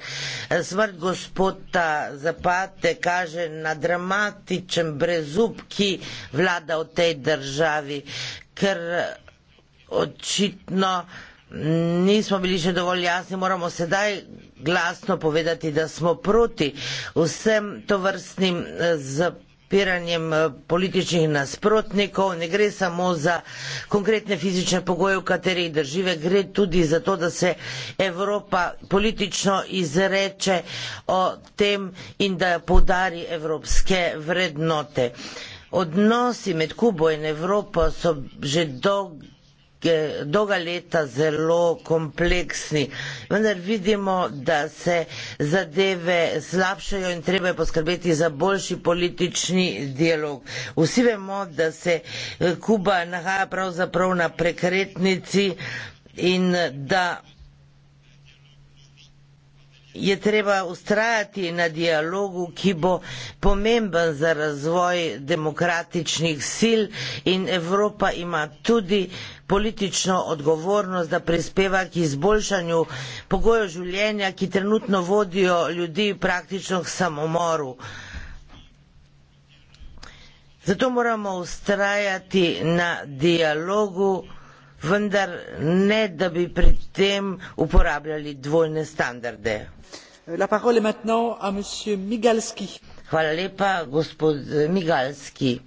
Smrt gospoda Zapate kaže na dramatičen brezup, ki vlada v tej državi, ker očitno nismo bili še dovolj jasni, moramo sedaj glasno povedati, da smo proti vsem to vrstnim eh, z piranjem eh, političnih nasprotnikov. Ne gre samo za konkretne fizične pogoje, v katerih držive, gre tudi za to, da se Evropa politično izreče o tem in da povdari evropske vrednote. Odnosi med Kubo in Evropo so že dolgo dolga leta zelo kompleksni. Vendar vidimo, da se zadeve slabšajo in treba je poskrbeti za boljši politični dialog. Vsi vemo, da se eh, Kuba nahaja pravzaprav na prekretnici in da je treba ustrajati na dialogu, ki bo pomemben za razvoj demokratičnih sil in Evropa ima tudi politično odgovornost, da prispeva k izboljšanju pogojev življenja, ki trenutno vodijo ljudi praktično k samomoru. Zato moramo ustrajati na dialogu, vendar ne, da bi pri tem uporabljali dvojne standarde. La parole est maintenant à monsieur Migalski. Hvala lepa, gospod Migalski.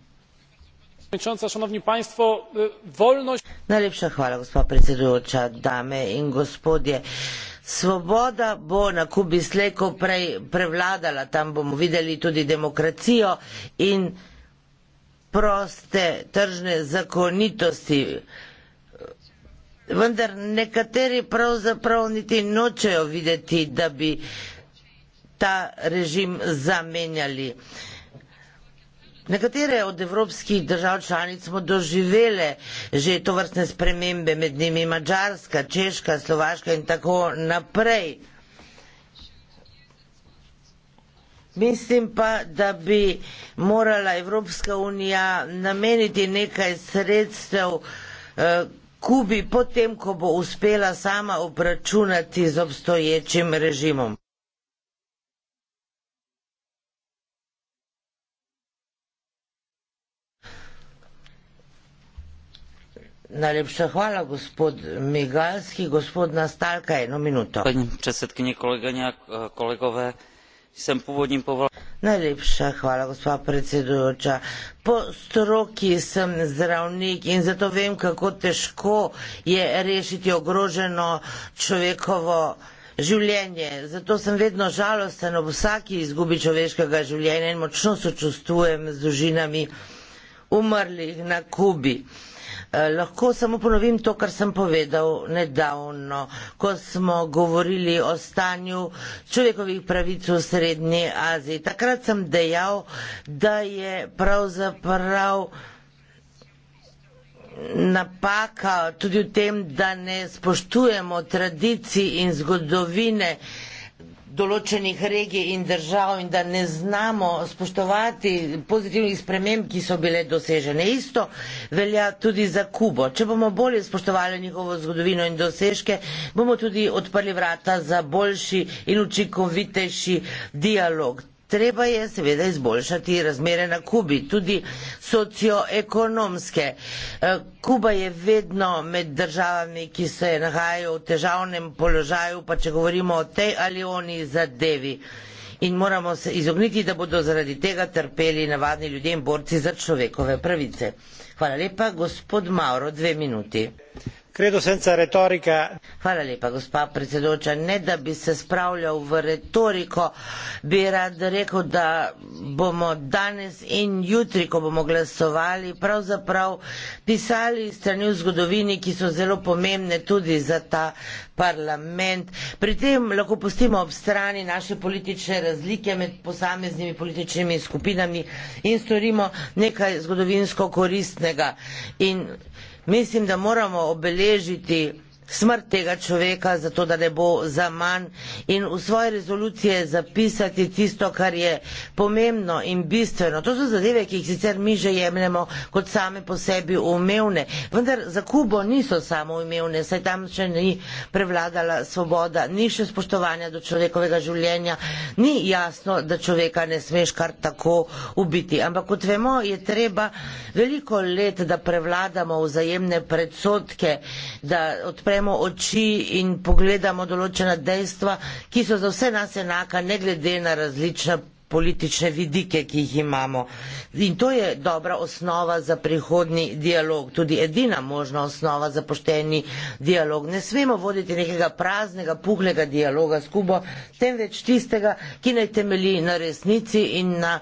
Najlepša hvala, gospod predsedujoča, dame in gospodje. Svoboda bo na Kubi slejko prej prevladala, tam bomo videli tudi demokracijo in proste tržne zakonitosti. Vendar nekateri pravzaprav niti nočejo videti, da bi ta režim zamenjali. Nekatere od evropskih držav članic smo doživele že to vrstne spremembe, med njimi Mačarska, Češka, Slovaška in tako naprej. Mislim pa, da bi morala Evropska unija nameniti nekaj sredstev eh, Kubi, potem ko bo uspela sama obračunati z obstoječim režimom. Najlepša hvala, gospod Migalski. Gospod Nastalka, eno minuto. Paní predsedkyně, kolegyně a kolegové, jsem původním povolal... Najlepša hvala, gospod predsedujoča. Po stroki sem zdravnik in zato vem, kako težko je rešiti ogroženo človekovo življenje. Zato sem vedno žalosten ob vsaki izgubi človeškega življenja in močno sočustvujem z družinami umrlih na Kubi. Eh, lahko samo ponovim to, kar sem povedal nedavno, ko smo govorili o stanju človekovih pravic v Srednji Aziji. Takrat sem dejal, da je pravzaprav napaka tudi v tem, da ne spoštujemo tradicij in zgodovine določenih regij in držav in da ne znamo spoštovati pozitivnih sprememb, ki so bile dosežene. Isto velja tudi za Kubo. Če bomo bolje spoštovali njihovo zgodovino in dosežke, bomo tudi odprli vrata za boljši in učinkovitejši dialog. Treba je seveda izboljšati razmere na Kubi, tudi socioekonomske. Eh, Kuba je vedno med državami, ki se nahajajo v težavnem položaju, pa če govorimo o tej ali oni zadevi. In moramo se izogniti, da bodo zaradi tega trpeli navadni ljudje in borci za človekove pravice. Hvala lepa, gospod Mauro, dve minuti. Credo senza retorica. Hvala lepa, gospa predsedoča. Ne, da bi se spravljal v retoriko, bi rad rekel, da bomo danes in jutri, ko bomo glasovali, pravzaprav pisali strani v zgodovini, ki so zelo pomembne tudi za ta parlament. Pri tem lahko pustimo ob strani naše politične razlike med posameznimi političnimi skupinami in storimo nekaj zgodovinsko koristnega. In mislim da moramo obeležiti smrt tega človeka, zato da ne bo za manj in v svoje rezolucije zapisati tisto, kar je pomembno in bistveno. To so zadeve, ki jih sicer mi že jemljemo kot same po sebi umevne, vendar za Kubo niso samo umevne, saj tam še ni prevladala svoboda, ni še spoštovanja do človekovega življenja, ni jasno, da človeka ne smeš kar tako ubiti. Ampak kot vemo, je treba veliko let, da prevladamo vzajemne predsotke, da odpremo odpremo oči in pogledamo določena dejstva, ki so za vse nas enaka, ne glede na različne politične vidike, ki jih imamo. In to je dobra osnova za prihodni dialog, tudi edina možna osnova za pošteni dialog. Ne smemo voditi nekega praznega, puhlega dialoga s Kubo, temveč tistega, ki naj temelji na resnici in na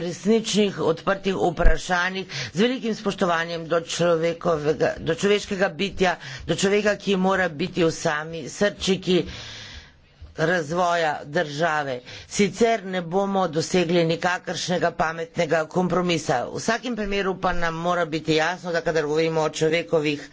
resničnih odprtih vprašanjih, z velikim spoštovanjem do, do človeškega bitja, do človeka, ki mora biti v sami srčiki razvoja države. Sicer ne bomo dosegli nikakršnega pametnega kompromisa. V vsakem primeru pa nam mora biti jasno, da kadar govorimo o človekovih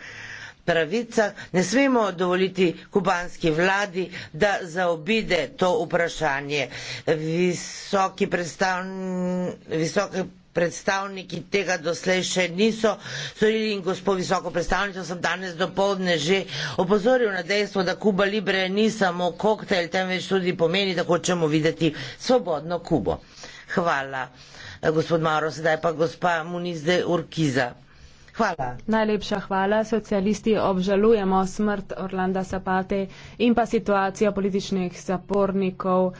pravicah, ne smemo dovoliti kubanski vladi, da zaobide to vprašanje. Visoki predstavni, visoki predstavniki tega doslej še niso storili in gospod visoko predstavnico sem danes do povdne že opozoril na dejstvo, da Kuba Libre ni samo koktejl, temveč tudi pomeni, da hočemo videti svobodno Kubo. Hvala, gospod Maro, sedaj pa gospa Munizde Urkiza. Hvala. Najlepša hvala. Socialisti obžalujemo smrt Orlanda Zapate in pa situacijo političnih zapornikov.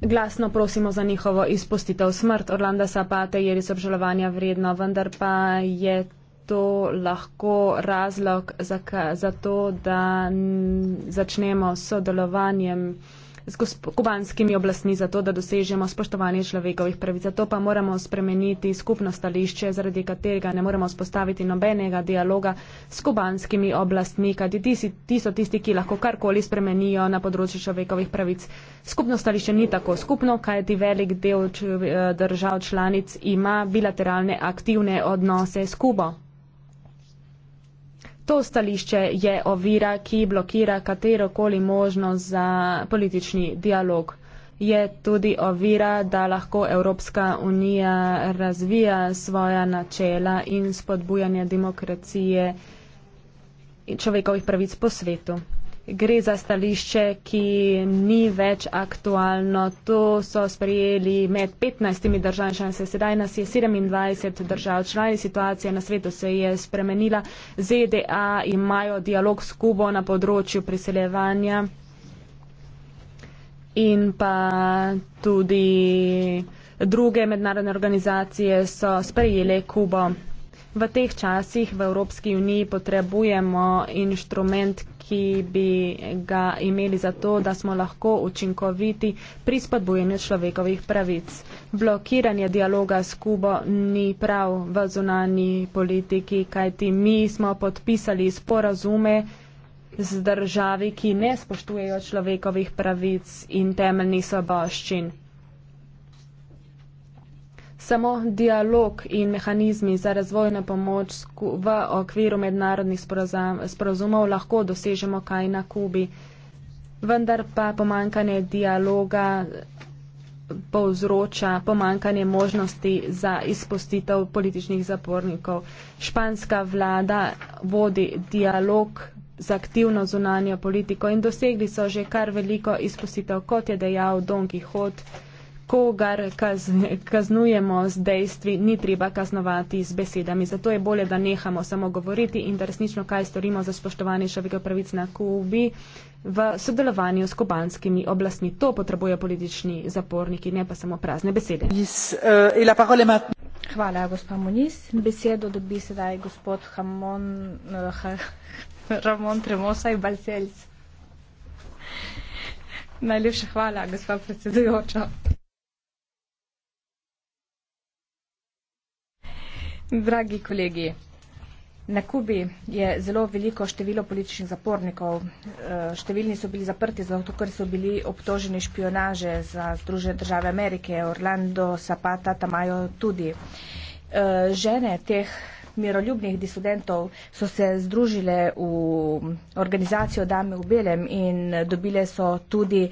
Glasno prosimo za njihovo izpustitev. Smrt Orlanda Zapate je res obžalovanja vredna, vendar pa je to lahko razlog za, za to, da začnemo sodelovanjem z kubanskimi oblastmi za to, da dosežemo spoštovanje človekovih pravic. Zato pa moramo spremeniti skupno stališče, zaradi katerega ne moremo spostaviti nobenega dialoga s kubanskimi oblastmi, kajti ti so tisti, ki lahko karkoli spremenijo na področju človekovih pravic. Skupno stališče ni tako skupno, kajti velik del eh, držav članic ima bilateralne aktivne odnose s Kubo. To stališče je ovira, ki blokira katero koli možnost za politični dialog. Je tudi ovira, da lahko Evropska unija razvija svoja načela in spodbujanje demokracije in človekovih pravic po svetu gre za stališče, ki ni več aktualno. To so sprejeli med 15 državami članice, sedaj nas je 27 držav članic. Situacija na svetu se je spremenila. ZDA imajo dialog s Kubo na področju priseljevanja in pa tudi druge mednarodne organizacije so sprejele Kubo. V teh časih v Evropski uniji potrebujemo inštrument, ki bi ga imeli za to, da smo lahko učinkoviti pri spodbujanju človekovih pravic. Blokiranje dialoga s Kubo ni prav v zunani politiki, kajti mi smo podpisali sporazume z državi, ki ne spoštujejo človekovih pravic in temeljnih soboščin. Samo dialog in mehanizmi za razvojno pomoč v okviru mednarodnih sporozumov lahko dosežemo kaj na Kubi. Vendar pa pomankanje dialoga povzroča pomankanje možnosti za izpustitev političnih zapornikov. Španska vlada vodi dialog z aktivno zunanjo politiko in dosegli so že kar veliko izpustitev, kot je dejal Don Quixote kogar kaz, kaznujemo z dejstvi, ni treba kaznovati z besedami. Zato je bolje, da nehamo samo govoriti in da resnično kaj storimo za spoštovanje človekov pravic na Kubi v sodelovanju s kubanskimi oblastmi. To potrebujejo politični zaporniki, ne pa samo prazne besede. Eh, e hvala, gospod Moniz. Besedo dobi sedaj gospod Hamon, uh, ha, Ramon Tremosaj Balcelc. Najlepša hvala, gospod predsedujoča. Dragi kolegi, na Kubi je zelo veliko število političnih zapornikov. Eh, številni so bili zaprti zato, ker so bili obtoženi špionaže za Združene države Amerike, Orlando, Zapata, Tamajo tudi. Eh, žene teh miroljubnih disidentov so se združile v organizacijo Dame v Belem in dobile so tudi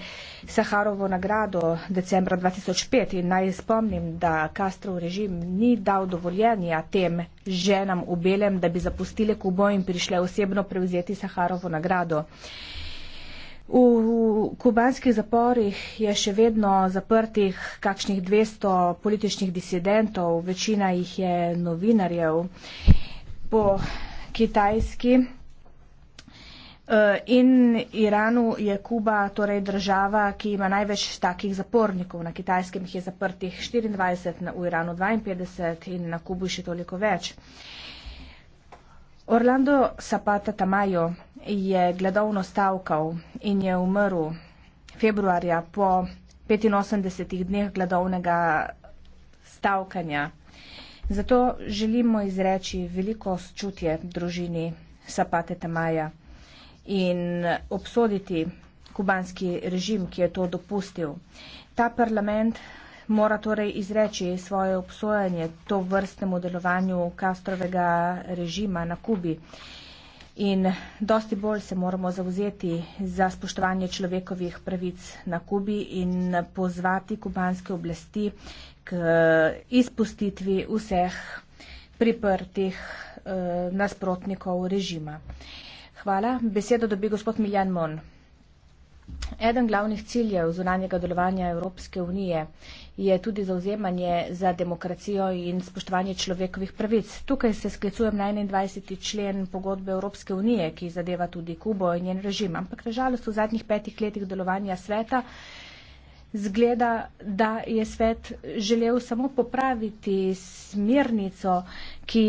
Saharovo nagrado decembra 2005. In naj spomnim, da Castrov režim ni dal dovoljenja tem ženam v Belem, da bi zapustile Kubo in prišle osebno prevzeti Saharovo nagrado. V kubanskih zaporih je še vedno zaprtih kakšnih 200 političnih disidentov, večina jih je novinarjev po kitajski. E, in Iranu je Kuba torej država, ki ima največ takih zapornikov. Na kitajskem jih je zaprtih 24, v Iranu 52 in na Kubu še toliko več. Uh, Orlando Zapata Tamayo je gledovno stavkal in je umrl februarja po 85 dneh gledovnega stavkanja. Zato želimo izreči veliko sočutje družini Zapate Tamaja in obsoditi kubanski režim, ki je to dopustil. Ta parlament mora torej izreči svoje obsojanje to vrstnemu delovanju Kastrovega režima na Kubi. In dosti bolj se moramo zauzeti za spoštovanje človekovih pravic na Kubi in pozvati kubanske oblasti k izpustitvi vseh priprtih eh, nasprotnikov režima. Hvala. Besedo dobi gospod Miljan Mon. Eden glavnih ciljev zunanjega delovanja Evropske unije je tudi zauzemanje za demokracijo in spoštovanje človekovih pravic. Tukaj se sklicujem na 21. člen pogodbe Evropske unije, ki zadeva tudi Kubo in njen režim. Ampak nažalost v zadnjih petih letih delovanja sveta zgleda, da je svet želel samo popraviti smernico, ki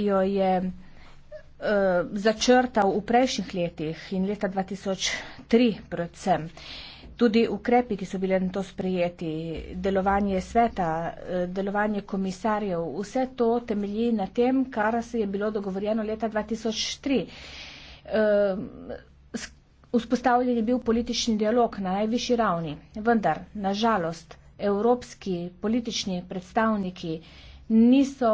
jo je eh, začrtal v prejšnjih letih in leta 2003 predvsem tudi ukrepi, ki so bile na to sprejeti, delovanje sveta, eh, delovanje komisarjev, vse to temelji na tem, kar se je bilo dogovorjeno leta 2003. Eh, vzpostavljen je bil politični dialog na najvišji ravni, vendar, nažalost, evropski politični predstavniki niso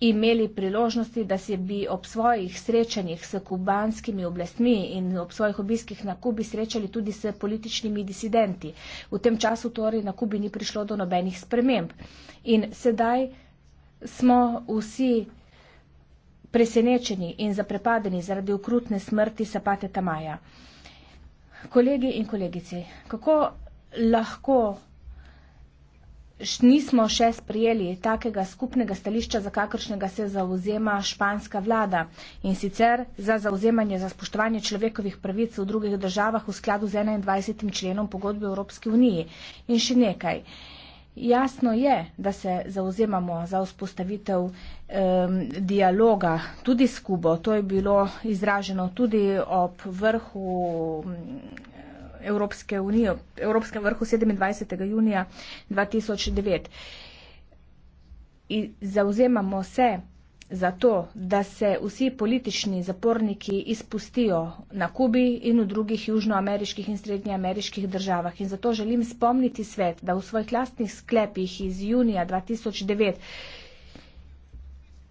imeli priložnosti, da si bi ob svojih srečanjih s kubanskimi oblastmi in ob svojih obiskih na Kubi srečali tudi s političnimi disidenti. V tem času torej na Kubi ni prišlo do nobenih sprememb. In sedaj smo vsi presenečeni in zaprepadeni zaradi okrutne smrti Sapate Tamaja. Kolegi in kolegice, kako lahko nismo še sprijeli takega skupnega stališča, za kakršnega se zauzema španska vlada in sicer za zauzemanje za spoštovanje človekovih pravic v drugih državah v skladu z 21. členom pogodbe Evropske unije. In še nekaj. Jasno je, da se zauzemamo za vzpostavitev eh, dialoga tudi s Kubo. To je bilo izraženo tudi ob vrhu. Eh, Evropske unije, Evropskem vrhu 27. junija 2009. In zauzemamo se za to, da se vsi politični zaporniki izpustijo na Kubi in v drugih južnoameriških in srednjeameriških državah. In zato želim spomniti svet, da v svojih lastnih sklepih iz junija 2009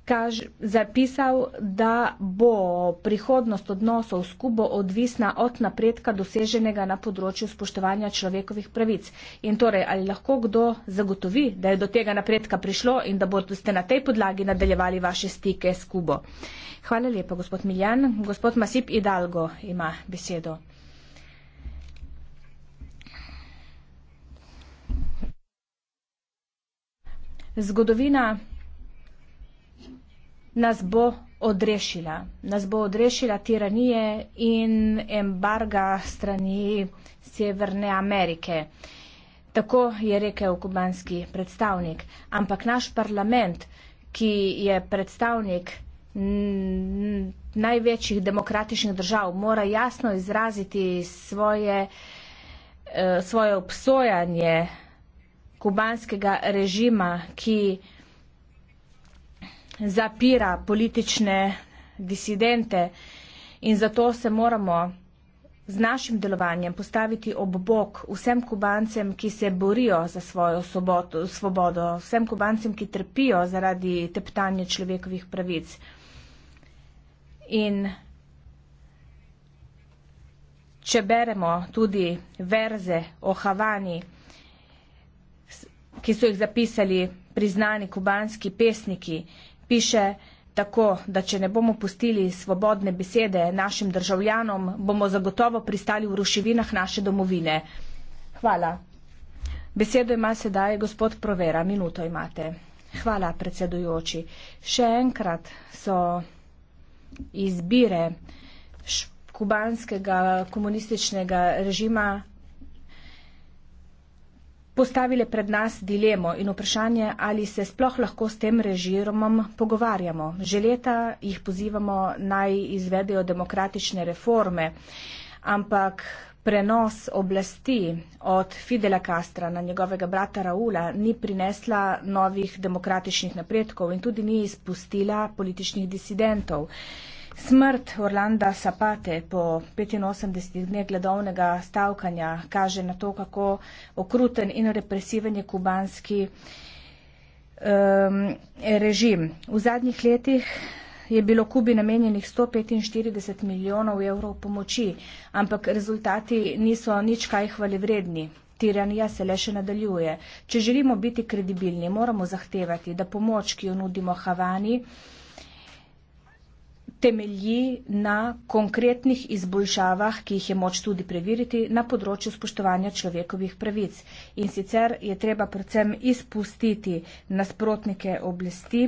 kaž, zapisal, da bo prihodnost odnosov s Kubo odvisna od napredka doseženega na področju spoštovanja človekovih pravic. In torej, ali lahko kdo zagotovi, da je do tega napredka prišlo in da boste na tej podlagi nadaljevali vaše stike s Kubo? Hvala lepa, gospod Miljan. Gospod Masip Idalgo ima besedo. Zgodovina nas bo odrešila. Nas bo odrešila tiranije in embarga strani Severne Amerike. Tako je rekel kubanski predstavnik. Ampak naš parlament, ki je predstavnik največjih demokratičnih držav, mora jasno izraziti svoje, eh, svoje obsojanje kubanskega režima, ki zapira politične disidente in zato se moramo z našim delovanjem postaviti ob bok vsem kubancem, ki se borijo za svojo soboto, svobodo, vsem kubancem, ki trpijo zaradi teptanja človekovih pravic. In če beremo tudi verze o Havani, ki so jih zapisali priznani kubanski pesniki, piše tako, da če ne bomo pustili svobodne besede našim državljanom, bomo zagotovo pristali v ruševinah naše domovine. Hvala. Besedo ima sedaj gospod Provera, minuto imate. Hvala, predsedujoči. Še enkrat so izbire kubanskega komunističnega režima postavile pred nas dilemo in vprašanje, ali se sploh lahko s tem režimom pogovarjamo. Že leta jih pozivamo naj izvedejo demokratične reforme, ampak prenos oblasti od Fidela Castra na njegovega brata Raula ni prinesla novih demokratičnih napredkov in tudi ni izpustila političnih disidentov. Smrt Orlanda Sapate po 85 dneh gledovnega stavkanja kaže na to, kako okruten in represiven je kubanski um, režim. V zadnjih letih je bilo Kubi namenjenih 145 milijonov evrov pomoči, ampak rezultati niso nič kaj hvalevredni. Tiranija se le še nadaljuje. Če želimo biti kredibilni, moramo zahtevati, da pomoč, ki jo nudimo Havani, temelji na konkretnih izboljšavah, ki jih je moč tudi preveriti na področju spoštovanja človekovih pravic. In sicer je treba predvsem izpustiti nasprotnike oblasti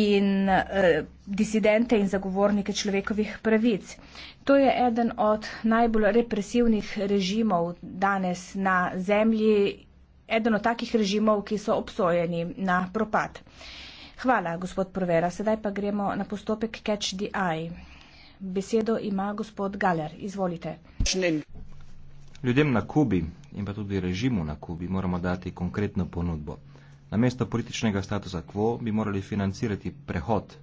in eh, disidente in zagovornike človekovih pravic. To je eden od najbolj represivnih režimov danes na zemlji, eden od takih režimov, ki so obsojeni na propad. Eh, Hvala, gospod Provera. Sedaj pa gremo na postopek Catch the Eye. Besedo ima gospod Galer. Izvolite. Ljudem na Kubi in pa tudi režimu na Kubi moramo dati konkretno ponudbo. Na mesto političnega statusa quo bi morali financirati prehod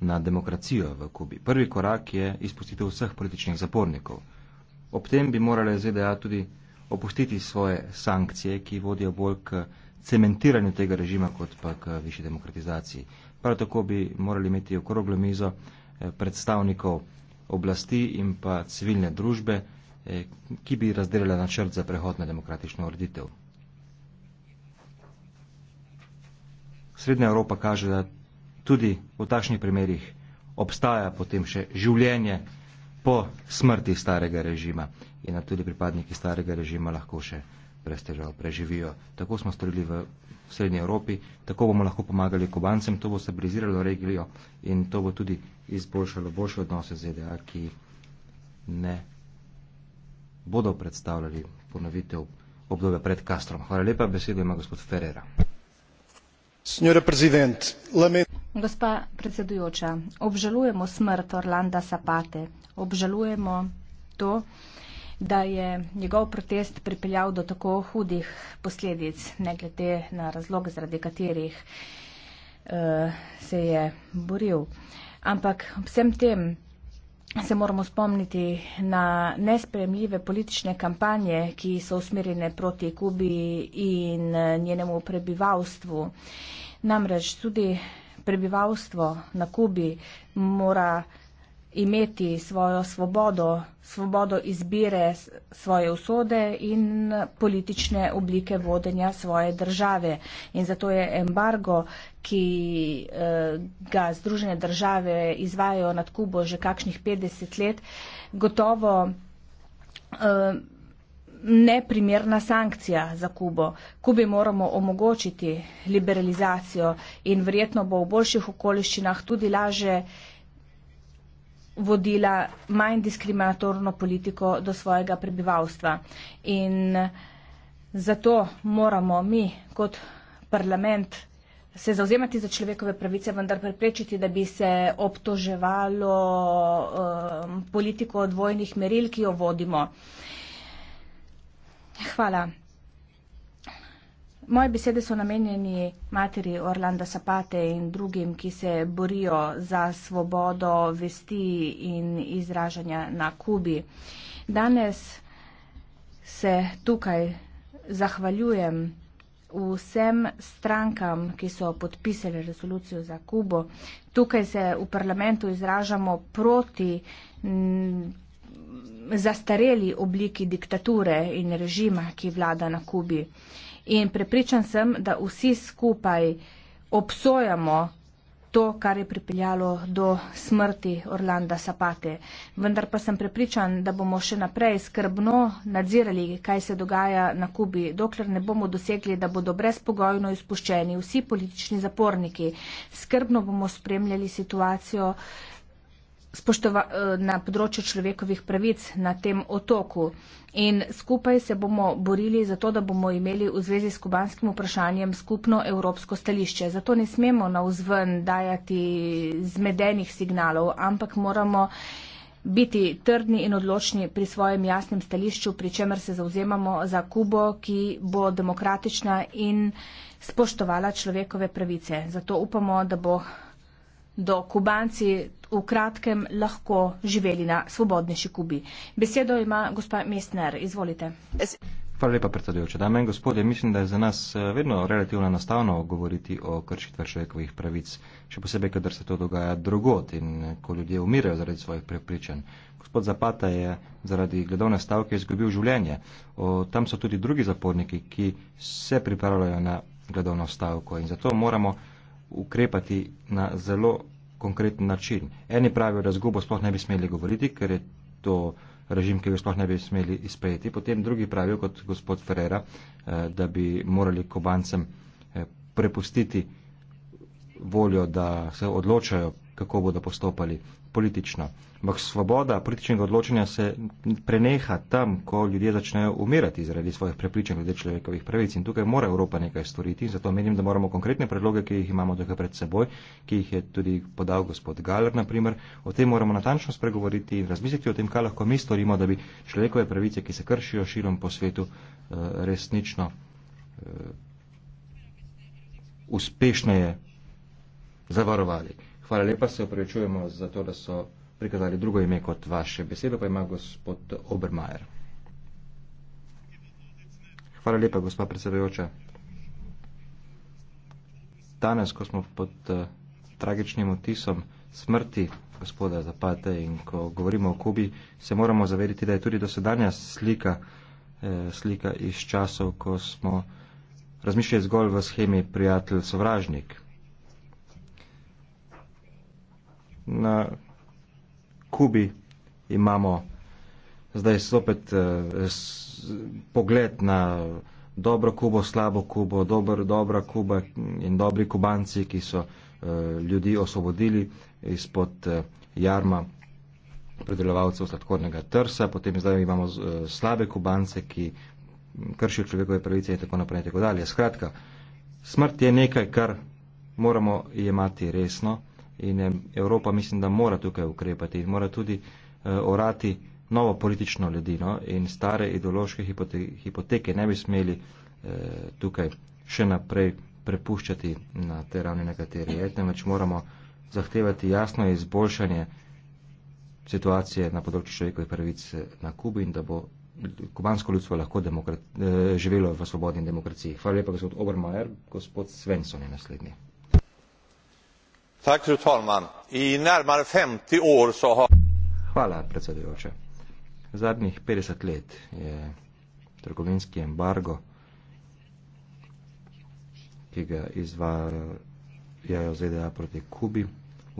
na demokracijo v Kubi. Prvi korak je izpustitev vseh političnih zapornikov. Ob tem bi morale ZDA tudi opustiti svoje sankcije, ki vodijo bolj k cementiranju tega režima kot pa k višji demokratizaciji. Prav tako bi morali imeti okroglo mizo eh, predstavnikov oblasti in pa civilne družbe, eh, ki bi razdelila načrt za prehod na demokratično ureditev. Srednja Evropa kaže, da tudi v takšnih primerih obstaja potem še življenje po smrti starega režima in da tudi pripadniki starega režima lahko še brez težav preživijo. Tako smo storili v srednji Evropi, tako bomo lahko pomagali kubancem, to bo stabiliziralo regijo in to bo tudi izboljšalo boljše odnose z ZDA, ki ne bodo predstavljali ponovitev obdobja pred Kastrom. Hvala lepa, besedo ima gospod Ferrera. Gospa predsedujoča, obžalujemo smrt Orlanda Sapate, obžalujemo to, da je njegov protest pripeljal do tako hudih posledic, ne glede na razlog, zaradi katerih uh, se je boril. Ampak vsem tem se moramo spomniti na nespremljive politične kampanje, ki so usmerjene proti Kubi in eh, njenemu prebivalstvu. Namreč tudi prebivalstvo na Kubi mora imeti svojo svobodo, svobodo izbire svoje usode in politične oblike vodenja svoje države. In zato je embargo, ki eh, ga Združene države izvajajo nad Kubo že kakšnih 50 let, gotovo eh, neprimerna sankcija za Kubo. Kubi moramo omogočiti liberalizacijo in verjetno bo v boljših okoliščinah tudi laže vodila manj diskriminatorno politiko do svojega prebivalstva. In zato moramo mi kot parlament se zauzemati za človekove pravice, vendar preprečiti, da bi se obtoževalo um, politiko dvojnih meril, ki jo vodimo. Hvala. Moje besede so namenjeni materi Orlanda Sapate in drugim, ki se borijo za svobodo vesti in izražanja na Kubi. Danes se tukaj zahvaljujem vsem strankam, ki so podpisali resolucijo za Kubo. Tukaj se v parlamentu izražamo proti zastareli obliki diktature in režima, ki vlada na Kubi. In prepričan sem, da vsi skupaj obsojamo to, kar je pripeljalo do smrti Orlanda Sapate. Vendar pa sem prepričan, da bomo še naprej skrbno nadzirali, kaj se dogaja na Kubi, dokler ne bomo dosegli, da bodo brezpogojno izpuščeni vsi politični zaporniki. Skrbno bomo spremljali situacijo spoštova, eh, na področju človekovih pravic na tem otoku. In skupaj se bomo borili za to, da bomo imeli v zvezi s kubanskim vprašanjem skupno evropsko stališče. Zato ne smemo na vzven dajati zmedenih signalov, ampak moramo biti trdni in odločni pri svojem jasnem stališču, pri čemer se zauzemamo za Kubo, ki bo demokratična in spoštovala človekove pravice. Zato upamo, da bo do Kubanci v kratkem lahko živeli na svobodnejši Kubi. Besedo ima gospa Mestner, izvolite. Hvala lepa, predsedujoče. Dame in gospodje, mislim, da je za nas eh, vedno relativno enostavno govoriti o kršitvah človekovih pravic, še posebej, kadar se to dogaja drugot in eh, ko ljudje umirajo zaradi svojih prepričanj. Gospod Zapata je zaradi gledovne stavke izgubil življenje. O, tam so tudi drugi zaporniki, ki se pripravljajo na gledovno stavko in zato moramo ukrepati na zelo konkreten način. Eni pravijo, da zgubo sploh ne bi smeli govoriti, ker je to režim, ki ga sploh ne bi smeli izprejeti. Potem drugi pravijo, kot gospod Ferrera, eh, da bi morali kobancem eh, prepustiti voljo, da se odločajo, kako bodo postopali politično. Ampak svoboda političnega odločanja se preneha tam, ko ljudje začnejo umirati zaradi svojih prepričanj glede človekovih pravic. In tukaj mora Evropa nekaj storiti. Zato menim, da moramo konkretne predloge, ki jih imamo tukaj pred seboj, ki jih je tudi podal gospod Galer, naprimer, o tem moramo natančno spregovoriti in razmisliti o tem, kaj lahko mi storimo, da bi človekove pravice, ki se kršijo širom po svetu, eh, resnično eh, uspešneje zavarovali. Hvala lepa, se upravičujemo za to, da so prikazali drugo ime kot vaše. Besedo pa ima gospod Obermajer. Hvala lepa, gospa predsedujoča. Danes, ko smo pod uh, tragičnim otisom smrti gospoda Zapate in ko govorimo o Kubi, se moramo zavediti, da je tudi dosedanja slika, eh, slika iz časov, ko smo razmišljali zgolj v schemi prijatelj-sovražnik. na Kubi imamo zdaj zopet eh, pogled na dobro Kubo, slabo Kubo, dober, dobra Kuba in dobri Kubanci, ki so eh, ljudi osvobodili izpod eh, jarma predelovalcev sladkornega trsa, potem zdaj imamo eh, slabe Kubance, ki kršijo človekove pravice in tako naprej in tako dalje. Skratka, smrt je nekaj, kar moramo jemati resno in eh, Evropa mislim, da mora tukaj ukrepati in mora tudi uh, orati novo politično ledino in stare ideološke hipote hipoteke ne bi smeli uh, tukaj še naprej prepuščati na te ravni, na kateri je, temveč moramo zahtevati jasno izboljšanje situacije na področju človekovih pravic na Kubi in da bo kubansko ljudstvo lahko živelo v svobodni demokraciji. Hvala lepa, gospod Obermajer, gospod Svensson je naslednji. Tak, fru talman. I närmare 50 år så har... Hvala, predsedujoče. Zadnjih 50 let je trgovinski embargo, ki ga izvajajo ZDA proti Kubi,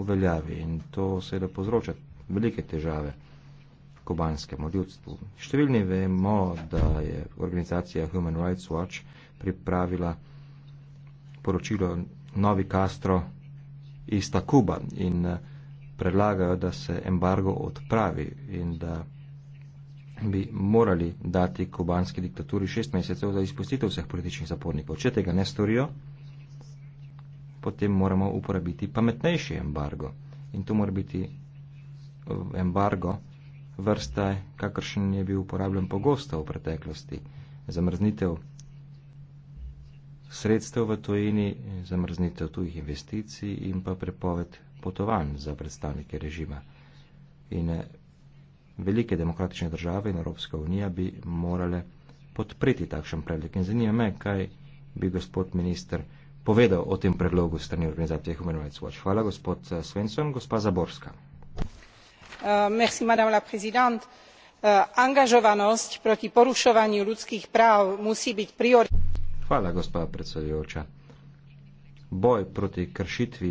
uveljavi in to seveda povzroča velike težave kubanskemu ljudstvu. Številni vemo, da je organizacija Human Rights Watch pripravila poročilo novi Castro, iz Takuba in eh, predlagajo, da se embargo odpravi in da bi morali dati kubanski diktaturi šest mesecev za izpustitev vseh političnih zapornikov. Če tega ne storijo, potem moramo uporabiti pametnejši embargo. In to mora biti eh, embargo vrsta, kakršen je bil uporabljen pogosto v preteklosti. Zamrznitev sredstev v tojini, zamrznitev tujih investicij in pa prepoved potovanj za predstavnike režima. In eh, velike demokratične države in Evropska unija bi morale podpreti takšen predlog. In zanima me, kaj bi gospod minister povedal o tem predlogu strani organizacije Human Rights Watch. Hvala, gospod eh, Svensson, gospa Zaborska. Uh, merci, madame la présidente. Uh, angažovanosť proti porušovaniu ľudských práv musí byť prioritou. Hvala, gospa predsedujoča. Boj proti kršitvi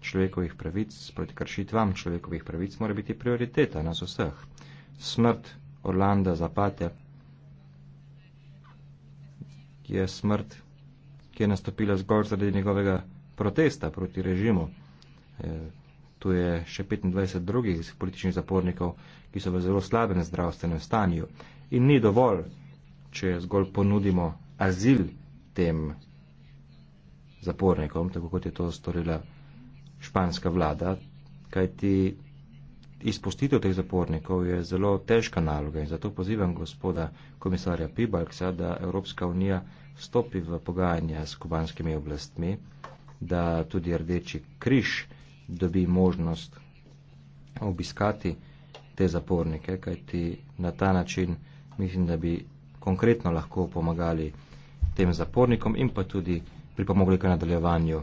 človekovih pravic, proti kršitvam človekovih pravic, mora biti prioriteta nas vseh. Smrt Orlanda Zapate je smrt, ki je nastopila zgolj zaradi njegovega protesta proti režimu. E, tu je še 25 drugih političnih zapornikov, ki so v zelo slabem zdravstvenem stanju. In ni dovolj, če zgolj ponudimo azil tem zapornikom, tako kot je to storila španska vlada, kajti izpustitev teh zapornikov je zelo težka naloga in zato pozivam gospoda komisarja Pibalksa, da Evropska unija stopi v pogajanja s kubanskimi oblastmi, da tudi Rdeči križ dobi možnost obiskati te zapornike, kajti na ta način mislim, da bi konkretno lahko pomagali tem zapornikom in pa tudi pripomogli k nadaljevanju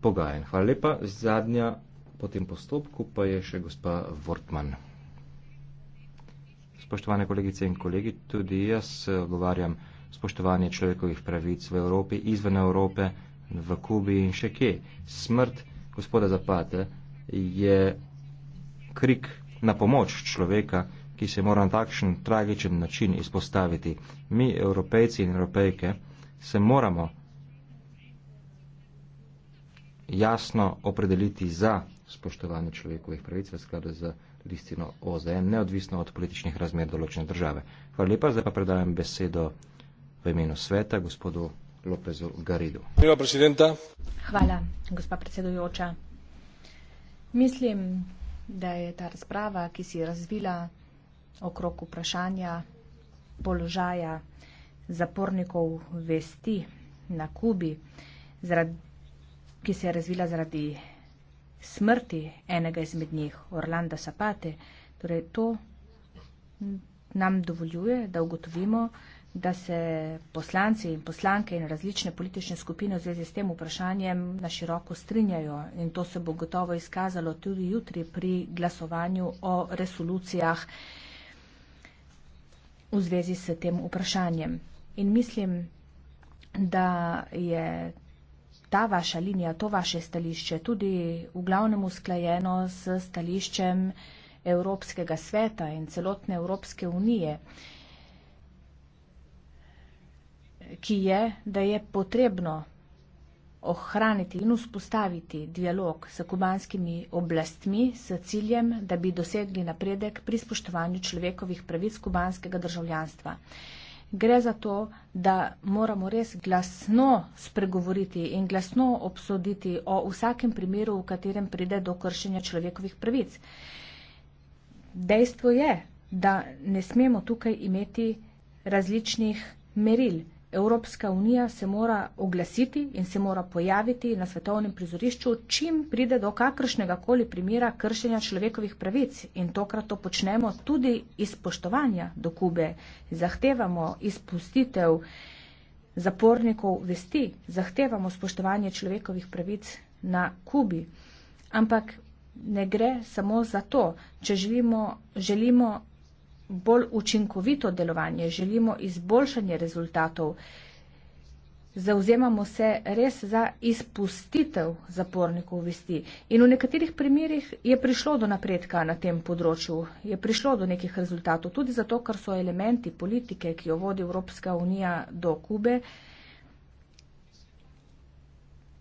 pogajanj. Hvala lepa. Zadnja po tem postopku pa je še gospa Wortman. Spoštovane kolegice in kolegi, tudi jaz govarjam spoštovanje človekovih pravic v Evropi, izven Evrope, v Kubi in še kje. Smrt gospoda Zapate je krik na pomoč človeka, ki se mora na takšen tragičen način izpostaviti. Mi, evropejci in evropejke, se moramo jasno opredeliti za spoštovanje človekovih pravic v skladu z listino OZN, neodvisno od političnih razmer določene države. Hvala lepa, zdaj pa predajam besedo v imenu sveta gospodu Lopezu Garidu. Hvala, gospa predsedujoča. Mislim, da je ta razprava, ki si je razvila okrog vprašanja položaja zapornikov vesti na Kubi, zaradi, ki se je razvila zaradi smrti enega izmed njih, Orlando Sapate. Torej, to nam dovoljuje, da ugotovimo, da se poslanci in poslanke in različne politične skupine v zvezi s tem vprašanjem na široko strinjajo in to se bo gotovo izkazalo tudi jutri pri glasovanju o resolucijah v zvezi s tem vprašanjem. In mislim, da je ta vaša linija, to vaše stališče tudi v glavnem usklajeno s stališčem Evropskega sveta in celotne Evropske unije, ki je, da je potrebno ohraniti in vzpostaviti dialog s kubanskimi oblastmi s ciljem, da bi dosegli napredek pri spoštovanju človekovih pravic kubanskega državljanstva gre za to, da moramo res glasno spregovoriti in glasno obsoditi o vsakem primeru, v katerem pride do kršenja človekovih pravic. Dejstvo je, da ne smemo tukaj imeti različnih meril. Evropska unija se mora oglasiti in se mora pojaviti na svetovnem prizorišču, čim pride do kakršnega koli primera kršenja človekovih pravic. In tokrat to počnemo tudi iz spoštovanja do Kube. Zahtevamo izpustitev zapornikov vesti, zahtevamo spoštovanje človekovih pravic na Kubi. Ampak ne gre samo za to, če želimo, želimo bolj učinkovito delovanje, želimo izboljšanje rezultatov, zauzemamo se res za izpustitev zapornikov vesti. In v nekaterih primerjih je prišlo do napredka na tem področju, je prišlo do nekih rezultatov, tudi zato, ker so elementi politike, ki jo vodi Evropska unija do Kube,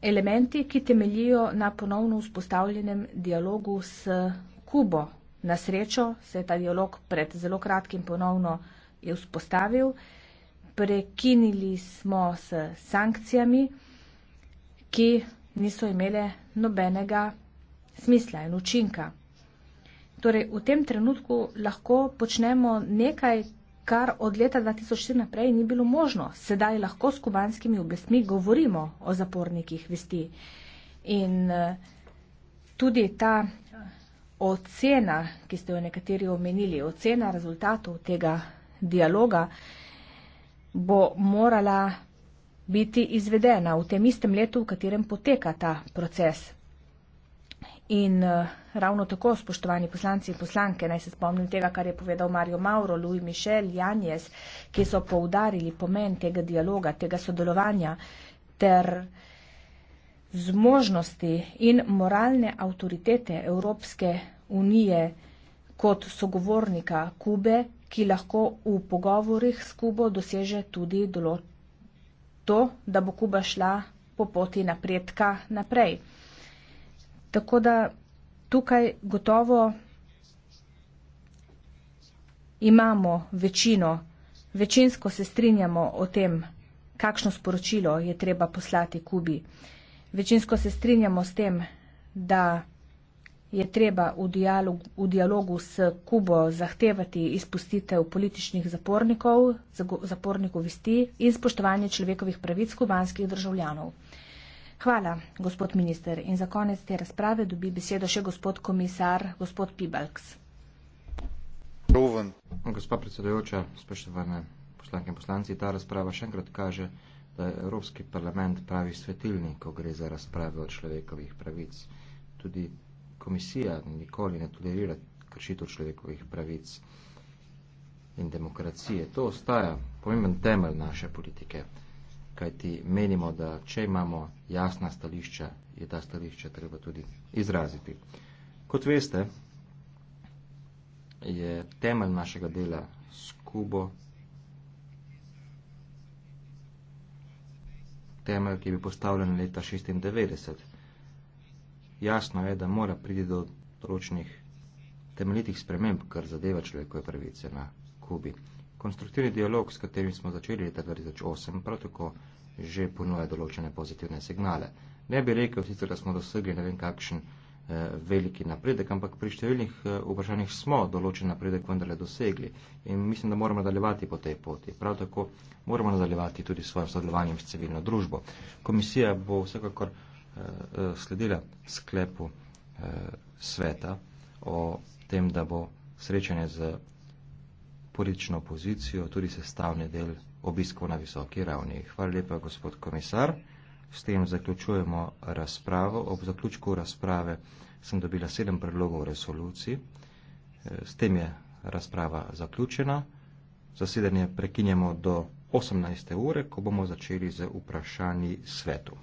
elementi, ki temeljijo na ponovno vzpostavljenem dialogu s Kubo. Na srečo se je ta dialog pred zelo kratkim ponovno vzpostavil. Prekinili smo s sankcijami, ki niso imele nobenega smisla in učinka. Torej, v tem trenutku lahko počnemo nekaj, kar od leta 2004 naprej ni bilo možno. Sedaj lahko s kubanskimi oblastmi govorimo o zapornikih vesti. In eh, tudi ta ocena, ki ste jo nekateri omenili, ocena rezultatov tega dialoga bo morala biti izvedena v tem istem letu, v katerem poteka ta proces. In eh, ravno tako, spoštovani poslanci in poslanke, naj se spomnim tega, kar je povedal Mario Mauro, Louis Michel, Janjes, ki so poudarili pomen tega dialoga, tega sodelovanja ter zmožnosti in moralne avtoritete Evropske unije kot sogovornika Kube, ki lahko v pogovorih s Kubo doseže tudi to, da bo Kuba šla po poti napredka naprej. Tako da tukaj gotovo imamo večino, večinsko se strinjamo o tem, kakšno sporočilo je treba poslati Kubi. Večinsko se strinjamo s tem, da je treba v dialogu, v dialogu s Kubo zahtevati izpustitev političnih zapornikov, zapornikov vesti in spoštovanje človekovih pravic kubanskih državljanov. Hvala, gospod minister. In za konec te razprave dobi besedo še gospod komisar, gospod Pibalks. Gospa predsedujoča, spoštovane poslanke in poslanci, ta razprava še enkrat kaže, da je Evropski parlament pravi svetilnik, ko gre za razprave o človekovih pravic. Tudi komisija nikoli ne tolerira kršitev človekovih pravic in demokracije. To ostaja pomemben temelj naše politike, kajti menimo, da če imamo jasna stališča, je ta stališča treba tudi izraziti. Kot veste, je temelj našega dela skubo temelj, ki je bil postavljen leta 96. Jasno je, da mora priti do določnih temeljitih sprememb, kar zadeva človekove pravice na Kubi. Konstruktivni dialog, s katerim smo začeli leta 2008, prav tako že ponuja določene pozitivne signale. Ne bi rekel sicer, da smo dosegli ne vem kakšen Eh, veliki napredek, ampak pri številnih eh, vprašanjih smo določen napredek vendarle dosegli in mislim, da moramo nadaljevati po tej poti. Prav tako moramo nadaljevati tudi s svojim sodelovanjem s civilno družbo. Komisija bo vsekakor eh, sledila sklepu sveta o tem, da bo srečanje z politično opozicijo tudi sestavni del obiskov na visoki ravni. Hvala lepa, gospod komisar. S tem zaključujemo razpravo. Ob zaključku razprave sem dobila sedem predlogov resolucij. S tem je razprava zaključena. Zasedanje prekinjamo do 18. ure, ko bomo začeli z vprašanji svetu.